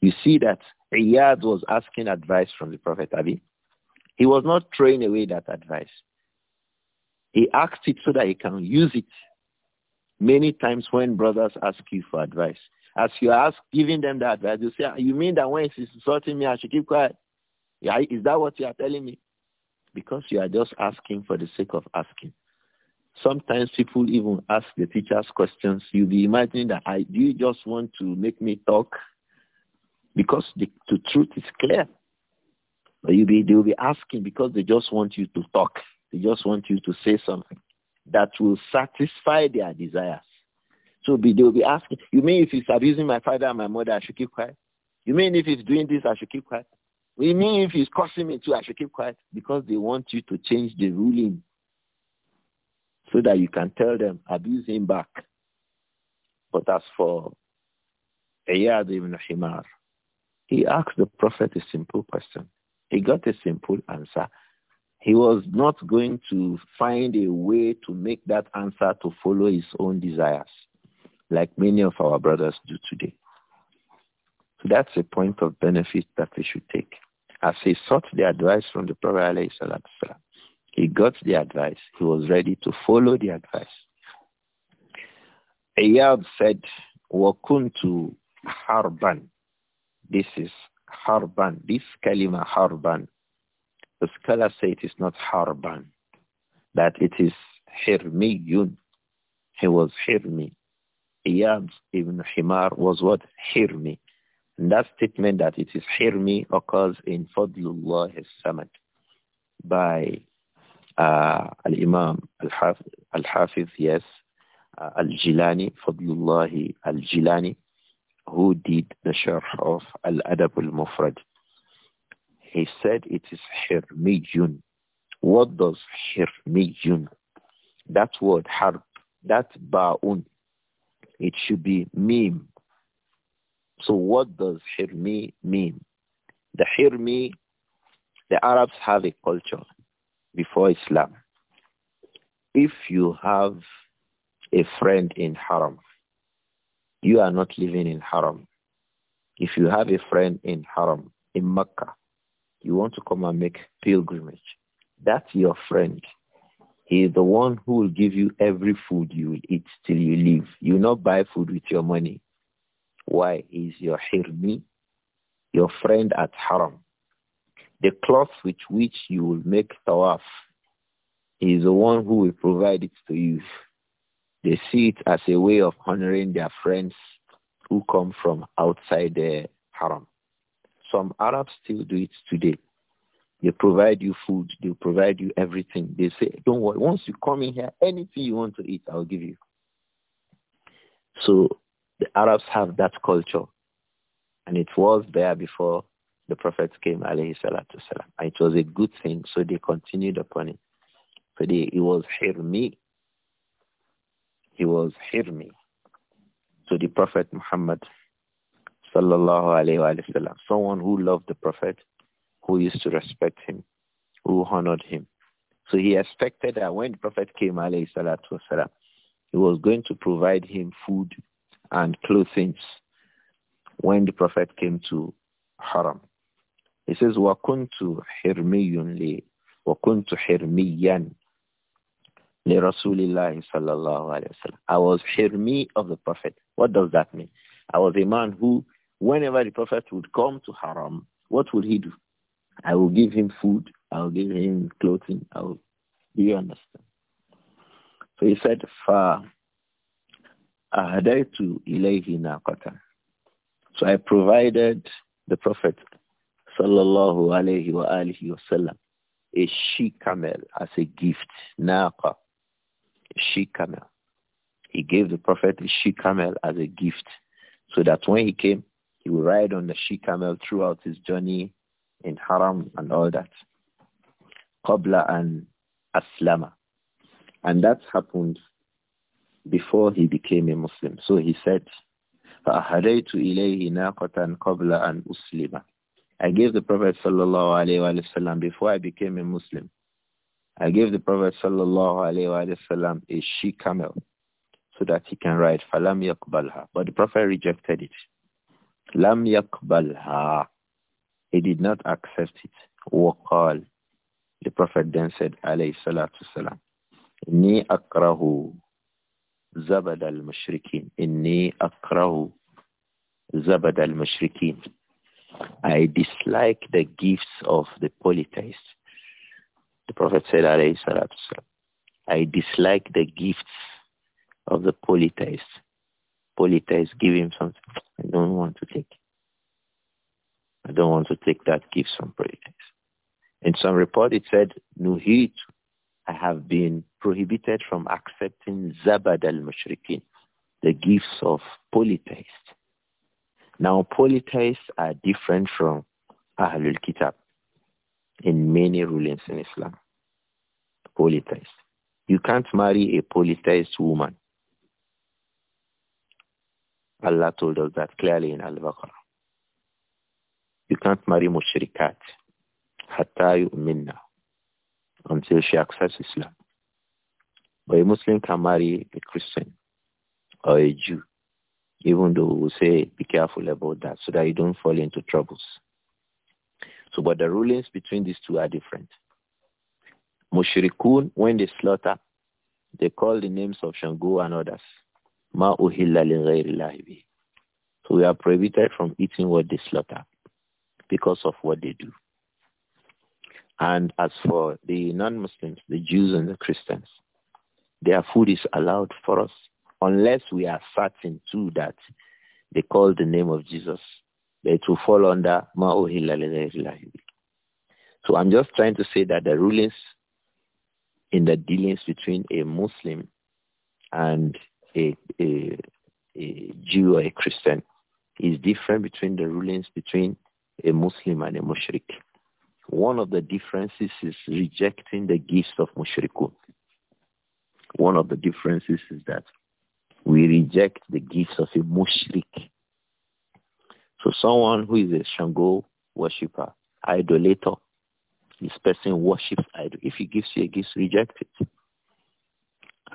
You see that Iyad was asking advice from the Prophet Abi. He was not throwing away that advice. He asked it so that he can use it Many times when brothers ask you for advice, as you ask, giving them that advice, you say, ah, you mean that when he's insulting me, I should keep quiet? Yeah, is that what you are telling me? Because you are just asking for the sake of asking. Sometimes people even ask the teachers questions. You'll be imagining that, I, do you just want to make me talk? Because the, the truth is clear. But you'll be, they'll be asking because they just want you to talk. They just want you to say something that will satisfy their desires. So be, they will be asking, you mean if he's abusing my father and my mother, I should keep quiet? You mean if he's doing this, I should keep quiet? You mean if he's cursing me too, I should keep quiet? Because they want you to change the ruling so that you can tell them, abuse him back. But as for Iyad ibn Himar, he asked the Prophet a simple question. He got a simple answer he was not going to find a way to make that answer to follow his own desires, like many of our brothers do today. So that's a point of benefit that we should take. As he sought the advice from the Prophet, he got the advice. He was ready to follow the advice. Ayab said, Wakuntu Harban. This is Harban. This kalima Harban the scholars say it is not harban, that it is hirmiyun. He was hirmi. Iyad ibn Himar was what? Hirmi. And that statement that it is hirmi occurs in Fadlullah Samad by uh, Al-Imam Al-Hafiz, yes, uh, Al-Jilani, Fadlullah Al-Jilani, who did the Sharh of Al-Adab Al-Mufrad. He said it is hirmiyun. What does hirmiyun? That word harb, that ba'un, it should be mim. So what does hirmi mean? The hirmi, the Arabs have a culture before Islam. If you have a friend in haram, you are not living in haram. If you have a friend in haram, in Mecca, you want to come and make pilgrimage. That's your friend. He is the one who will give you every food you will eat till you leave. You not buy food with your money. Why? He is your hirmi, your friend at haram. The cloth with which you will make tawaf, he is the one who will provide it to you. They see it as a way of honoring their friends who come from outside the haram some Arabs still do it today. They provide you food. They provide you everything. They say, don't worry. Once you come in here, anything you want to eat, I'll give you. So the Arabs have that culture. And it was there before the Prophet came, alayhi salatu salam. And it was a good thing, so they continued upon it. So they, it was Hirmi. He was Hirmi. So the Prophet Muhammad sallallahu alayhi wa sallam, someone who loved the Prophet, who used to respect him, who honored him. So he expected that when the Prophet came, alayhi salatu wasalam, he was going to provide him food and clothing when the Prophet came to Haram. He says, وَكُنْتُ حِرْمِيٌّ لِي وَكُنْتُ حِرْمِيًّا لِرَسُولِ اللَّهِ صَلَّى اللَّهُ عَلَيْهِ وَسَلَّمَ I was hirmi of the Prophet. What does that mean? I was a man who Whenever the Prophet would come to Haram, what would he do? I will give him food. I will give him clothing. I will. Do you understand? So he said, to ahadaitu So I provided the Prophet sallallahu alayhi wa alihi wasallam a she camel as a gift, naqa, she camel. He gave the Prophet a she camel as a gift, so that when he came, he will ride on the she camel throughout his journey in Haram and all that. Qabla and Aslama. And that happened before he became a Muslim. So he said, إِلَيْهِ نَاقَةً قَبْلَ أَنْ أُسْلِمَ I gave the Prophet sallallahu alayhi wasallam before I became a Muslim. I gave the Prophet sallallahu alayhi wasallam a she camel so that he can ride falam yakbalha. But the Prophet rejected it. لم يقبلها he did not accept it وقال the prophet then said عليه الصلاة والسلام إني al زبد المشركين إني zabad زبد المشركين I dislike the gifts of the polytheists. The Prophet said, I dislike the gifts of the polytheists people is giving something. I don't want to take. I don't want to take that gift from praise. In some report, it said, Nuhit, I have been prohibited from accepting Zabad al-Mushrikin, the gifts of polytheists. Now, polytheists are different from Ahlul Kitab in many rulings in Islam. Polytheists. You can't marry a polytheist woman. Allah told us that clearly in Al-Baqarah. You can't marry mushrikat hatta yu'minna until she accepts Islam. But a Muslim can marry a Christian or a Jew, even though we say be careful about that so that you don't fall into troubles. So, but the rulings between these two are different. Mushrikun, when they slaughter, they call the names of Shango and others. Ma uhilla So we are prohibited from eating what they slaughter because of what they do. And as for the non-Muslims, the Jews and the Christians, their food is allowed for us unless we are certain too that they call the name of Jesus. It will fall under Ma'uhilla So I'm just trying to say that the rulings in the dealings between a Muslim and a, a, a Jew or a Christian is different between the rulings between a Muslim and a Mushrik. One of the differences is rejecting the gifts of Mushrikun. One of the differences is that we reject the gifts of a Mushrik. So someone who is a Shango worshipper, idolater, this person worships idol. If he gives you a gift, reject it.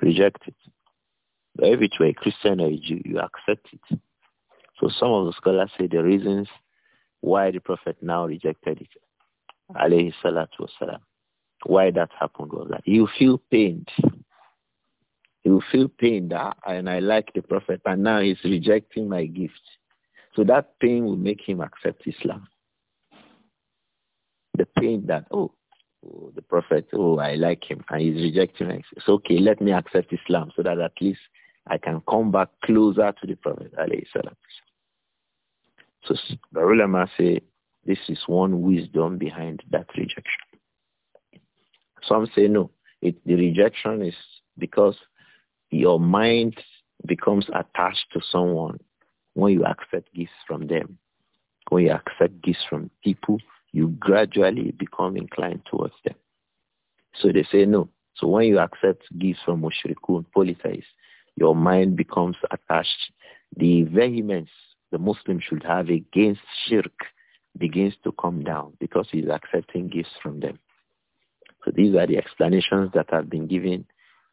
Reject it if it were a Christian or Jew, you accept it. So some of the scholars say the reasons why the Prophet now rejected it, alayhi salatu wasalam, why that happened was that you feel pained. You feel pained, ah, and I like the Prophet, and now he's rejecting my gift. So that pain will make him accept Islam. The pain that, oh, oh the Prophet, oh, I like him, and he's rejecting me. It's okay, let me accept Islam so that at least I can come back closer to the Prophet So the ulama say this is one wisdom behind that rejection. Some say no, it, the rejection is because your mind becomes attached to someone when you accept gifts from them. When you accept gifts from people, you gradually become inclined towards them. So they say no. So when you accept gifts from mushrikun, polytheists, your mind becomes attached. The vehemence the Muslim should have against shirk begins to come down because he's accepting gifts from them. So these are the explanations that have been given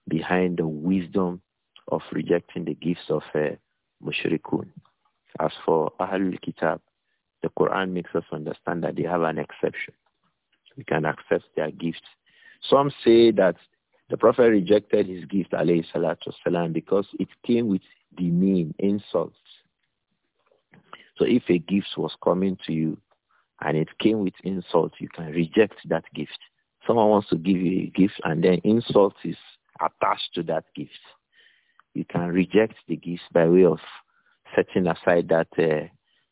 behind the wisdom of rejecting the gifts of uh, mushrikun. As for Ahlul Kitab, the Quran makes us understand that they have an exception. We can accept their gifts. Some say that the Prophet rejected his gift, alayhi salatu salam because it came with demean, insults. So if a gift was coming to you and it came with insult, you can reject that gift. Someone wants to give you a gift and then insult is attached to that gift. You can reject the gift by way of setting aside that uh,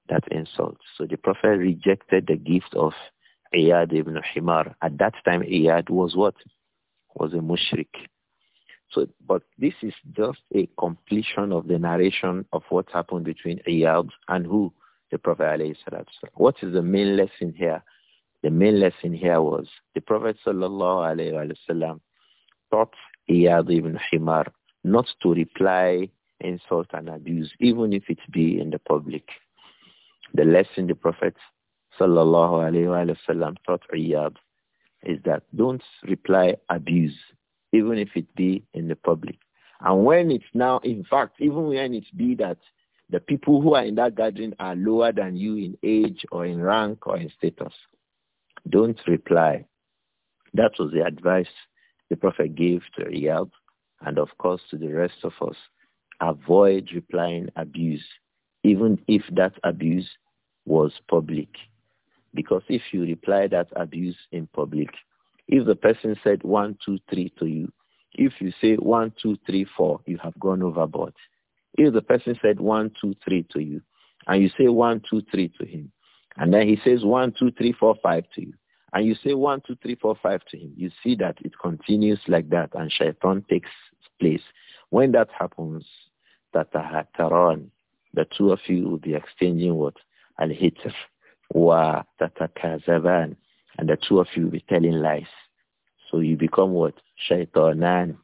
that insult. So the Prophet rejected the gift of Iyad ibn Himar. At that time, Iyad was what? was a mushrik. So, but this is just a completion of the narration of what happened between Iyad and who? The Prophet ﷺ. What is the main lesson here? The main lesson here was the Prophet ﷺ taught Iyad ibn Himar not to reply insult and abuse, even if it be in the public. The lesson the Prophet ﷺ taught Iyad is that don't reply abuse, even if it be in the public. And when it's now, in fact, even when it be that the people who are in that gathering are lower than you in age or in rank or in status, don't reply. That was the advice the Prophet gave to Riyadh and of course to the rest of us. Avoid replying abuse, even if that abuse was public. Because if you reply that abuse in public, if the person said one, two, three to you, if you say one, two, three, four, you have gone overboard. If the person said one, two, three to you, and you say one, two, three to him, and then he says one, two, three, four, five to you, and you say one, two, three, four, five to him, you see that it continues like that, and shaitan takes place. When that happens, that the two of you will be exchanging what? Al-hitr. وتتكاذبان and the two of you will be telling lies. So you become what? Shaitanan.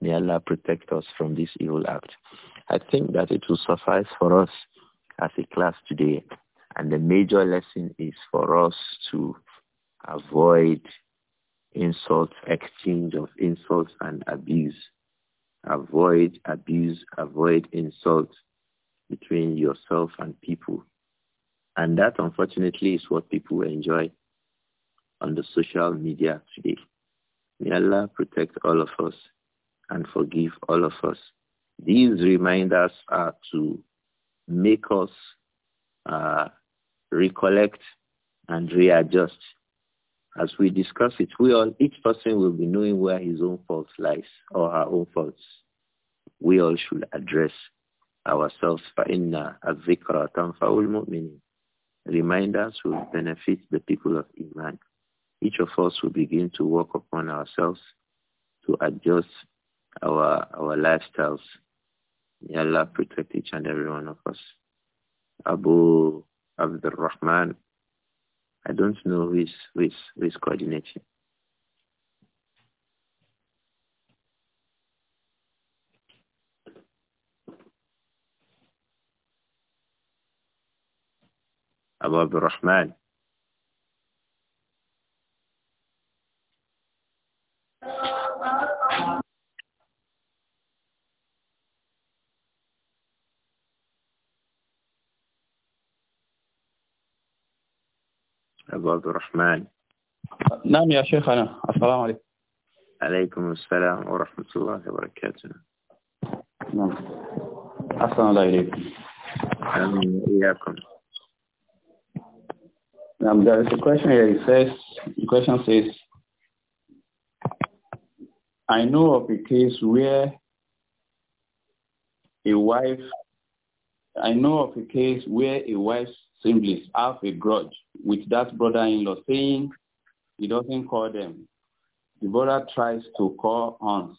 May Allah protect us from this evil act. I think that it will suffice for us as a class today. And the major lesson is for us to avoid insults, exchange of insults and abuse. Avoid abuse, avoid insults between yourself and people that, unfortunately, is what people enjoy on the social media today. May Allah protect all of us and forgive all of us. These reminders are to make us uh, recollect and readjust. As we discuss it, we all, each person will be knowing where his own faults lies or our own faults. We all should address ourselves. فَإِنَّ الذِّكْرَ تَنْفَعُ الْمُؤْمِنِينَ reminders will benefit the people of Iman. Each of us will begin to work upon ourselves to adjust our our lifestyles. May Allah protect each and every one of us. Abu Abdul Rahman, I don't know who is, who is, who is coordinating. أبو عبد الرحمن أبو عبد الرحمن نعم يا شيخ أنا السلام عليكم عليكم السلام ورحمة الله وبركاته نعم أحسن الله إليكم آمين إياكم Um, there is a question here. It says, the question says, I know of a case where a wife, I know of a case where a wife's siblings have a grudge with that brother-in-law saying he doesn't call them. The brother tries to call aunts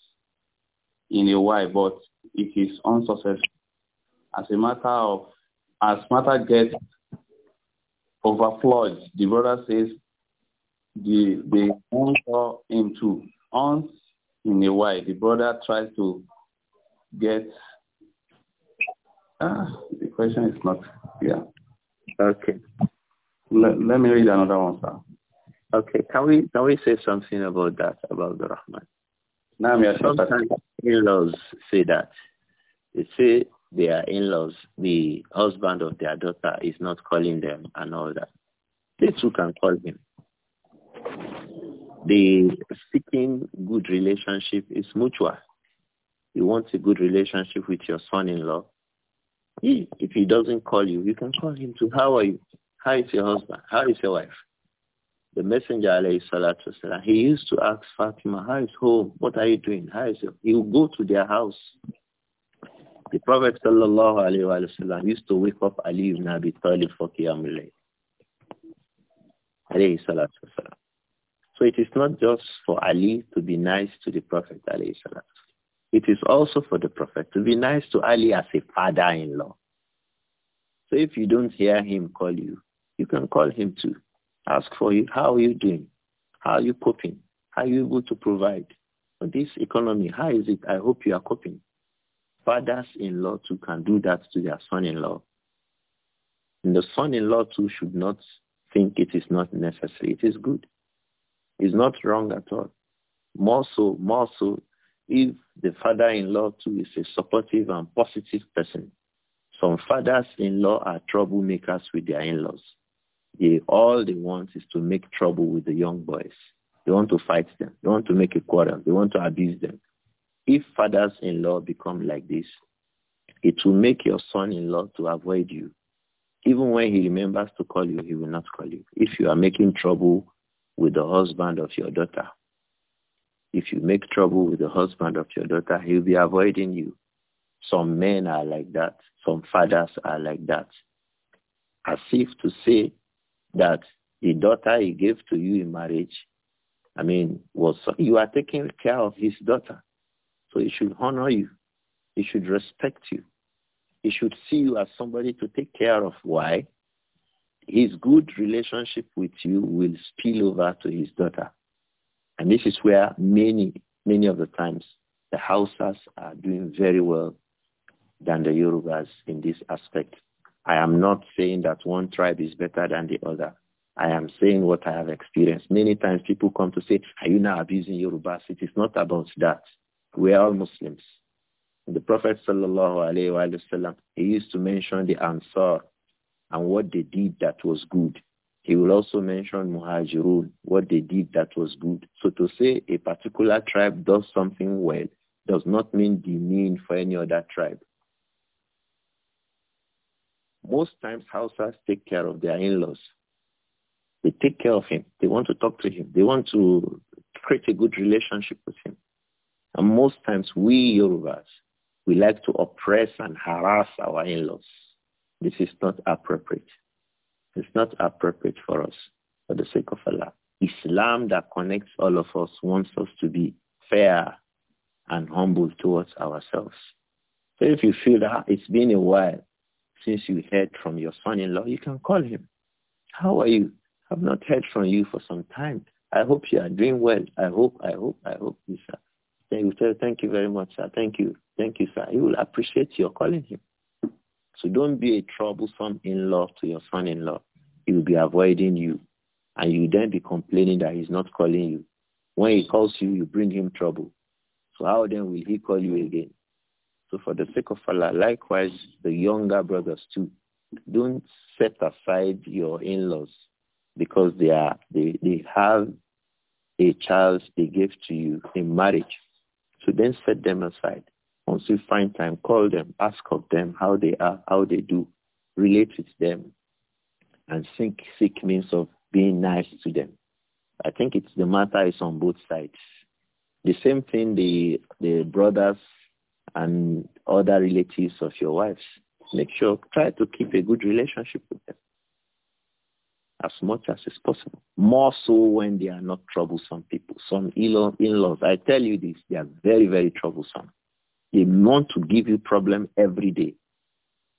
in a while, but it is unsuccessful. As a matter of, as matter gets overflows. The brother says the the answer into ons in a way. The brother tries to get ah, the question is not yeah. Okay. Let, let me read another one, sir. Okay, can we can we say something about that about the Rahman? Now, Sometimes say that they say their in-laws, the husband of their daughter is not calling them and all that. They too can call him. The seeking good relationship is mutual. You want a good relationship with your son-in-law. If he doesn't call you, you can call him too. How are you? How is your husband? How is your wife? The messenger, alayhi salatu he used to ask Fatima, how is home? What are you doing? How is your... He would go to their house the Prophet sallallahu alayhi wa sallam used to wake up Ali ibn Abi Talib for Qiyamul So it is not just for Ali to be nice to the Prophet alayhi It is also for the Prophet to be nice to Ali as a father-in-law. So if you don't hear him call you, you can call him too. Ask for you, how are you doing? How are you coping? How are you able to provide? For this economy, how is it? I hope you are coping fathers-in-law too can do that to their son-in-law. And the son-in-law too should not think it is not necessary. It is good. It's not wrong at all. More so, more so, if the father-in-law too is a supportive and positive person. Some fathers-in-law are troublemakers with their in-laws. They, all they want is to make trouble with the young boys. They want to fight them. They want to make a quarrel. They want to abuse them. If fathers-in-law become like this, it will make your son-in-law to avoid you. Even when he remembers to call you, he will not call you. If you are making trouble with the husband of your daughter, if you make trouble with the husband of your daughter, he'll be avoiding you. Some men are like that. Some fathers are like that. As if to say that the daughter he gave to you in marriage, I mean, was you are taking care of his daughter. So he should honor you. he should respect you. he should see you as somebody to take care of. Why? His good relationship with you will spill over to his daughter. And this is where many, many of the times the Hausas are doing very well than the Yorubas in this aspect. I am not saying that one tribe is better than the other. I am saying what I have experienced. Many times people come to say, are you now abusing Yorubas? It is not about that. We are all Muslims. The Prophet sallallahu he used to mention the Ansar and what they did that was good. He will also mention Muhajirun, what they did that was good. So to say a particular tribe does something well does not mean the for any other tribe. Most times Hausas take care of their in-laws. They take care of him. They want to talk to him. They want to create a good relationship with him. And most times we Yorubas, we like to oppress and harass our in-laws. This is not appropriate. It's not appropriate for us for the sake of Allah. Islam that connects all of us wants us to be fair and humble towards ourselves. So if you feel that ah, it's been a while since you heard from your son-in-law, you can call him. How are you? I've not heard from you for some time. I hope you are doing well. I hope, I hope, I hope you, then you tell, thank you very much, sir. Thank you. Thank you, sir. He will appreciate your calling him. So don't be a troublesome in-law to your son-in-law. He will be avoiding you. And you then be complaining that he's not calling you. When he calls you, you bring him trouble. So how then will he call you again? So for the sake of Allah, likewise, the younger brothers too, don't set aside your in-laws because they are they, they have a child they gave to you in marriage then set them aside. Once you find time, call them, ask of them how they are, how they do, relate with them, and seek, seek means of being nice to them. I think it's the matter is on both sides. The same thing the the brothers and other relatives of your wives. Make sure, try to keep a good relationship with them as much as is possible. More so when they are not troublesome people. Some in-laws, I tell you this, they are very, very troublesome. They want to give you problem every day.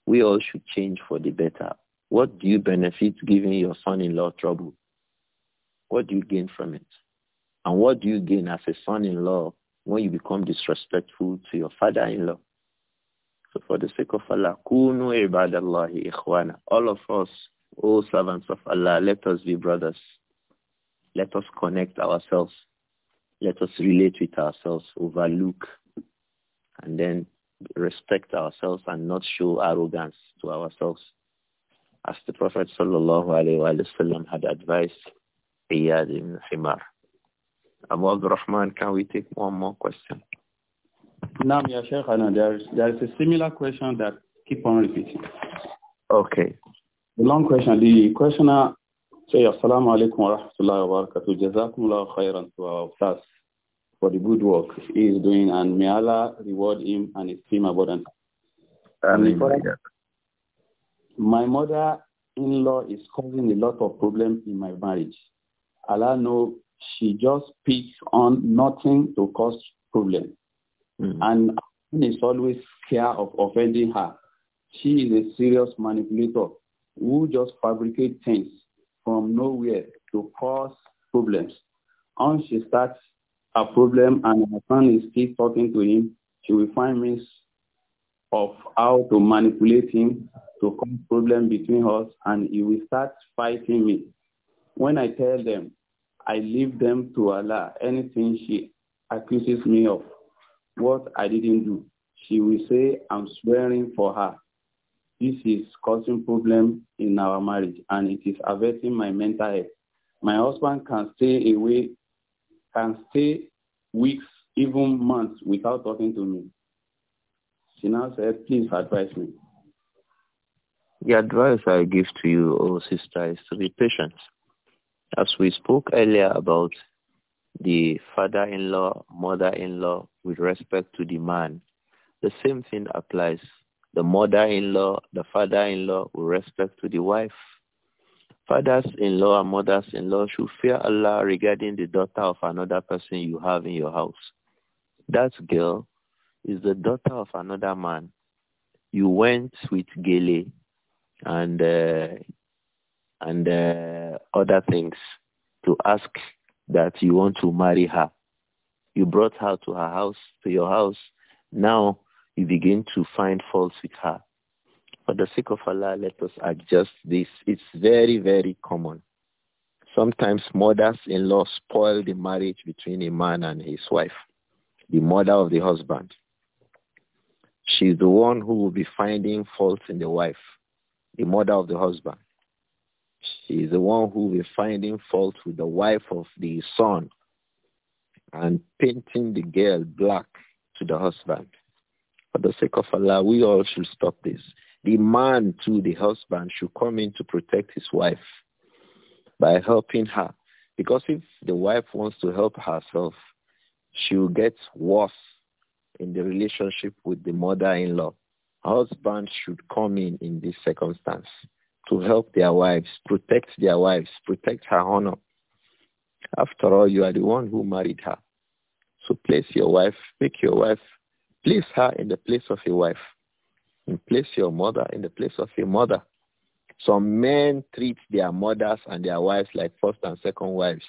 We all should change for the better. What do you benefit giving your son-in-law trouble? What do you gain from it? And what do you gain as a son-in-law when you become disrespectful to your father-in-law? So for the sake of Allah, ikhwana. All of us O servants of Allah, let us be brothers. Let us connect ourselves. Let us relate with ourselves, overlook, and then respect ourselves and not show arrogance to ourselves. As the Prophet wasallam had advised Iyad ibn Himar. Abu Abdurrahman, can we take one more question? Naam, Ya Sheikh, there is, there is a similar question that keep on repeating. Okay long question. The questioner say, Assalamu alaikum wa rahmatullahi wa barakatuh. Jazakumullah khairan to our class for the good work he is doing and may Allah reward him and his team abundantly. Um, my mother-in-law is causing a lot of problems in my marriage. Allah know she just picks on nothing to cause problems, Mm. And is always scared of offending her. She is a serious manipulator who just fabricate things from nowhere to cause problems. Once she starts a problem and her son is still talking to him, she will find means of how to manipulate him to cause problem between us and he will start fighting me. When I tell them, I leave them to Allah. Anything she accuses me of, what I didn't do, she will say, I'm swearing for her. This is causing problem in our marriage and it is affecting my mental health. My husband can stay away, can stay weeks, even months without talking to me. She now said, please advise me. The advice I give to you, oh sister, is to be patient. As we spoke earlier about the father-in-law, mother-in-law with respect to the man, the same thing applies the mother-in-law, the father-in-law with respect to the wife. Fathers-in-law and mothers-in-law should fear Allah regarding the daughter of another person you have in your house. That girl is the daughter of another man. You went with Gele and uh, and uh, other things to ask that you want to marry her. You brought her to her house, to your house. Now you begin to find faults with her. For the sake of Allah, let us adjust this. It's very, very common. Sometimes mothers-in-law spoil the marriage between a man and his wife, the mother of the husband. She's the one who will be finding faults in the wife, the mother of the husband. She's the one who will be finding faults with the wife of the son and painting the girl black to the husband. For the sake of Allah, we all should stop this. The man too, the husband, should come in to protect his wife by helping her. Because if the wife wants to help herself, she will get worse in the relationship with the mother-in-law. Husband should come in in this circumstance to help their wives, protect their wives, protect her honor. After all, you are the one who married her. So place your wife, make your wife Place her in the place of your wife. And place your mother in the place of your mother. Some men treat their mothers and their wives like first and second wives.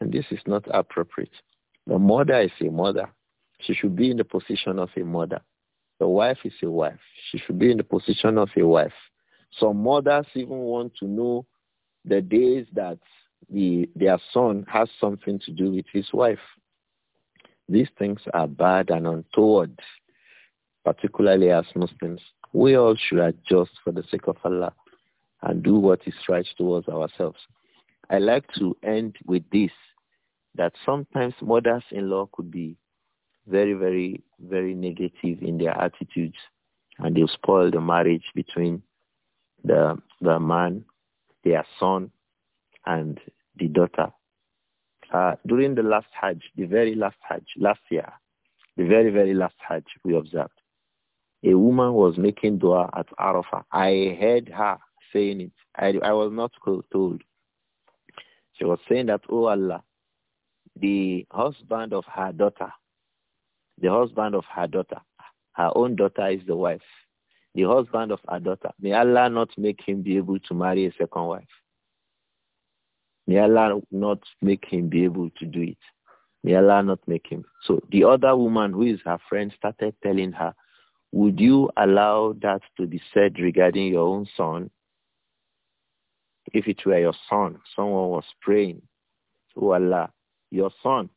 And this is not appropriate. The mother is a mother. She should be in the position of a mother. The wife is a wife. She should be in the position of a wife. Some mothers even want to know the days that the, their son has something to do with his wife. These things are bad and untoward, particularly as Muslims. We all should adjust for the sake of Allah and do what is right towards ourselves. I like to end with this, that sometimes mothers-in-law could be very, very, very negative in their attitudes and they'll spoil the marriage between the, the man, their son, and the daughter. Uh, during the last Hajj, the very last Hajj, last year, the very, very last Hajj we observed, a woman was making dua at Arafah. I heard her saying it. I, I was not told. She was saying that, oh Allah, the husband of her daughter, the husband of her daughter, her own daughter is the wife, the husband of her daughter, may Allah not make him be able to marry a second wife. May Allah not make him be able to do it. May Allah not make him. So the other woman who is her friend started telling her, would you allow that to be said regarding your own son? If it were your son, someone was praying, to oh Allah, your son,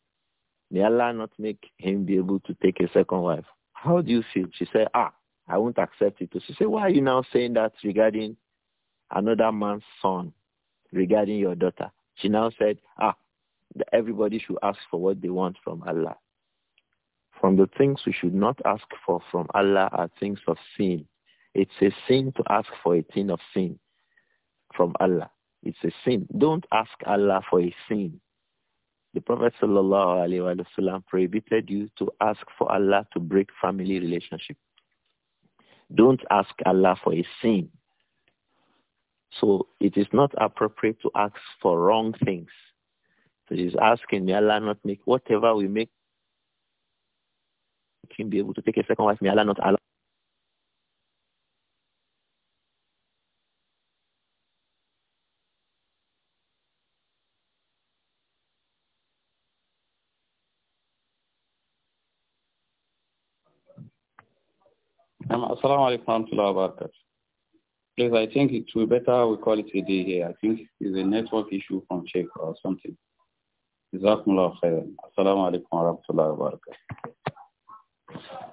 may Allah not make him be able to take a second wife. How do you feel? She said, ah, I won't accept it. She said, why are you now saying that regarding another man's son? regarding your daughter. She now said, ah, everybody should ask for what they want from Allah. From the things we should not ask for from Allah are things of sin. It's a sin to ask for a thing of sin from Allah. It's a sin. Don't ask Allah for a sin. The Prophet ﷺ prohibited you to ask for Allah to break family relationship. Don't ask Allah for a sin. So it is not appropriate to ask for wrong things. So he's asking, may Allah not make whatever we make him be able to take a second wife, may Allah not allow Please, I think it will better we call it a day here. I think it's a network issue from Czech or something. Jazakumullah khairan. Assalamu alaikum wa rahmatullahi wa barakatuh.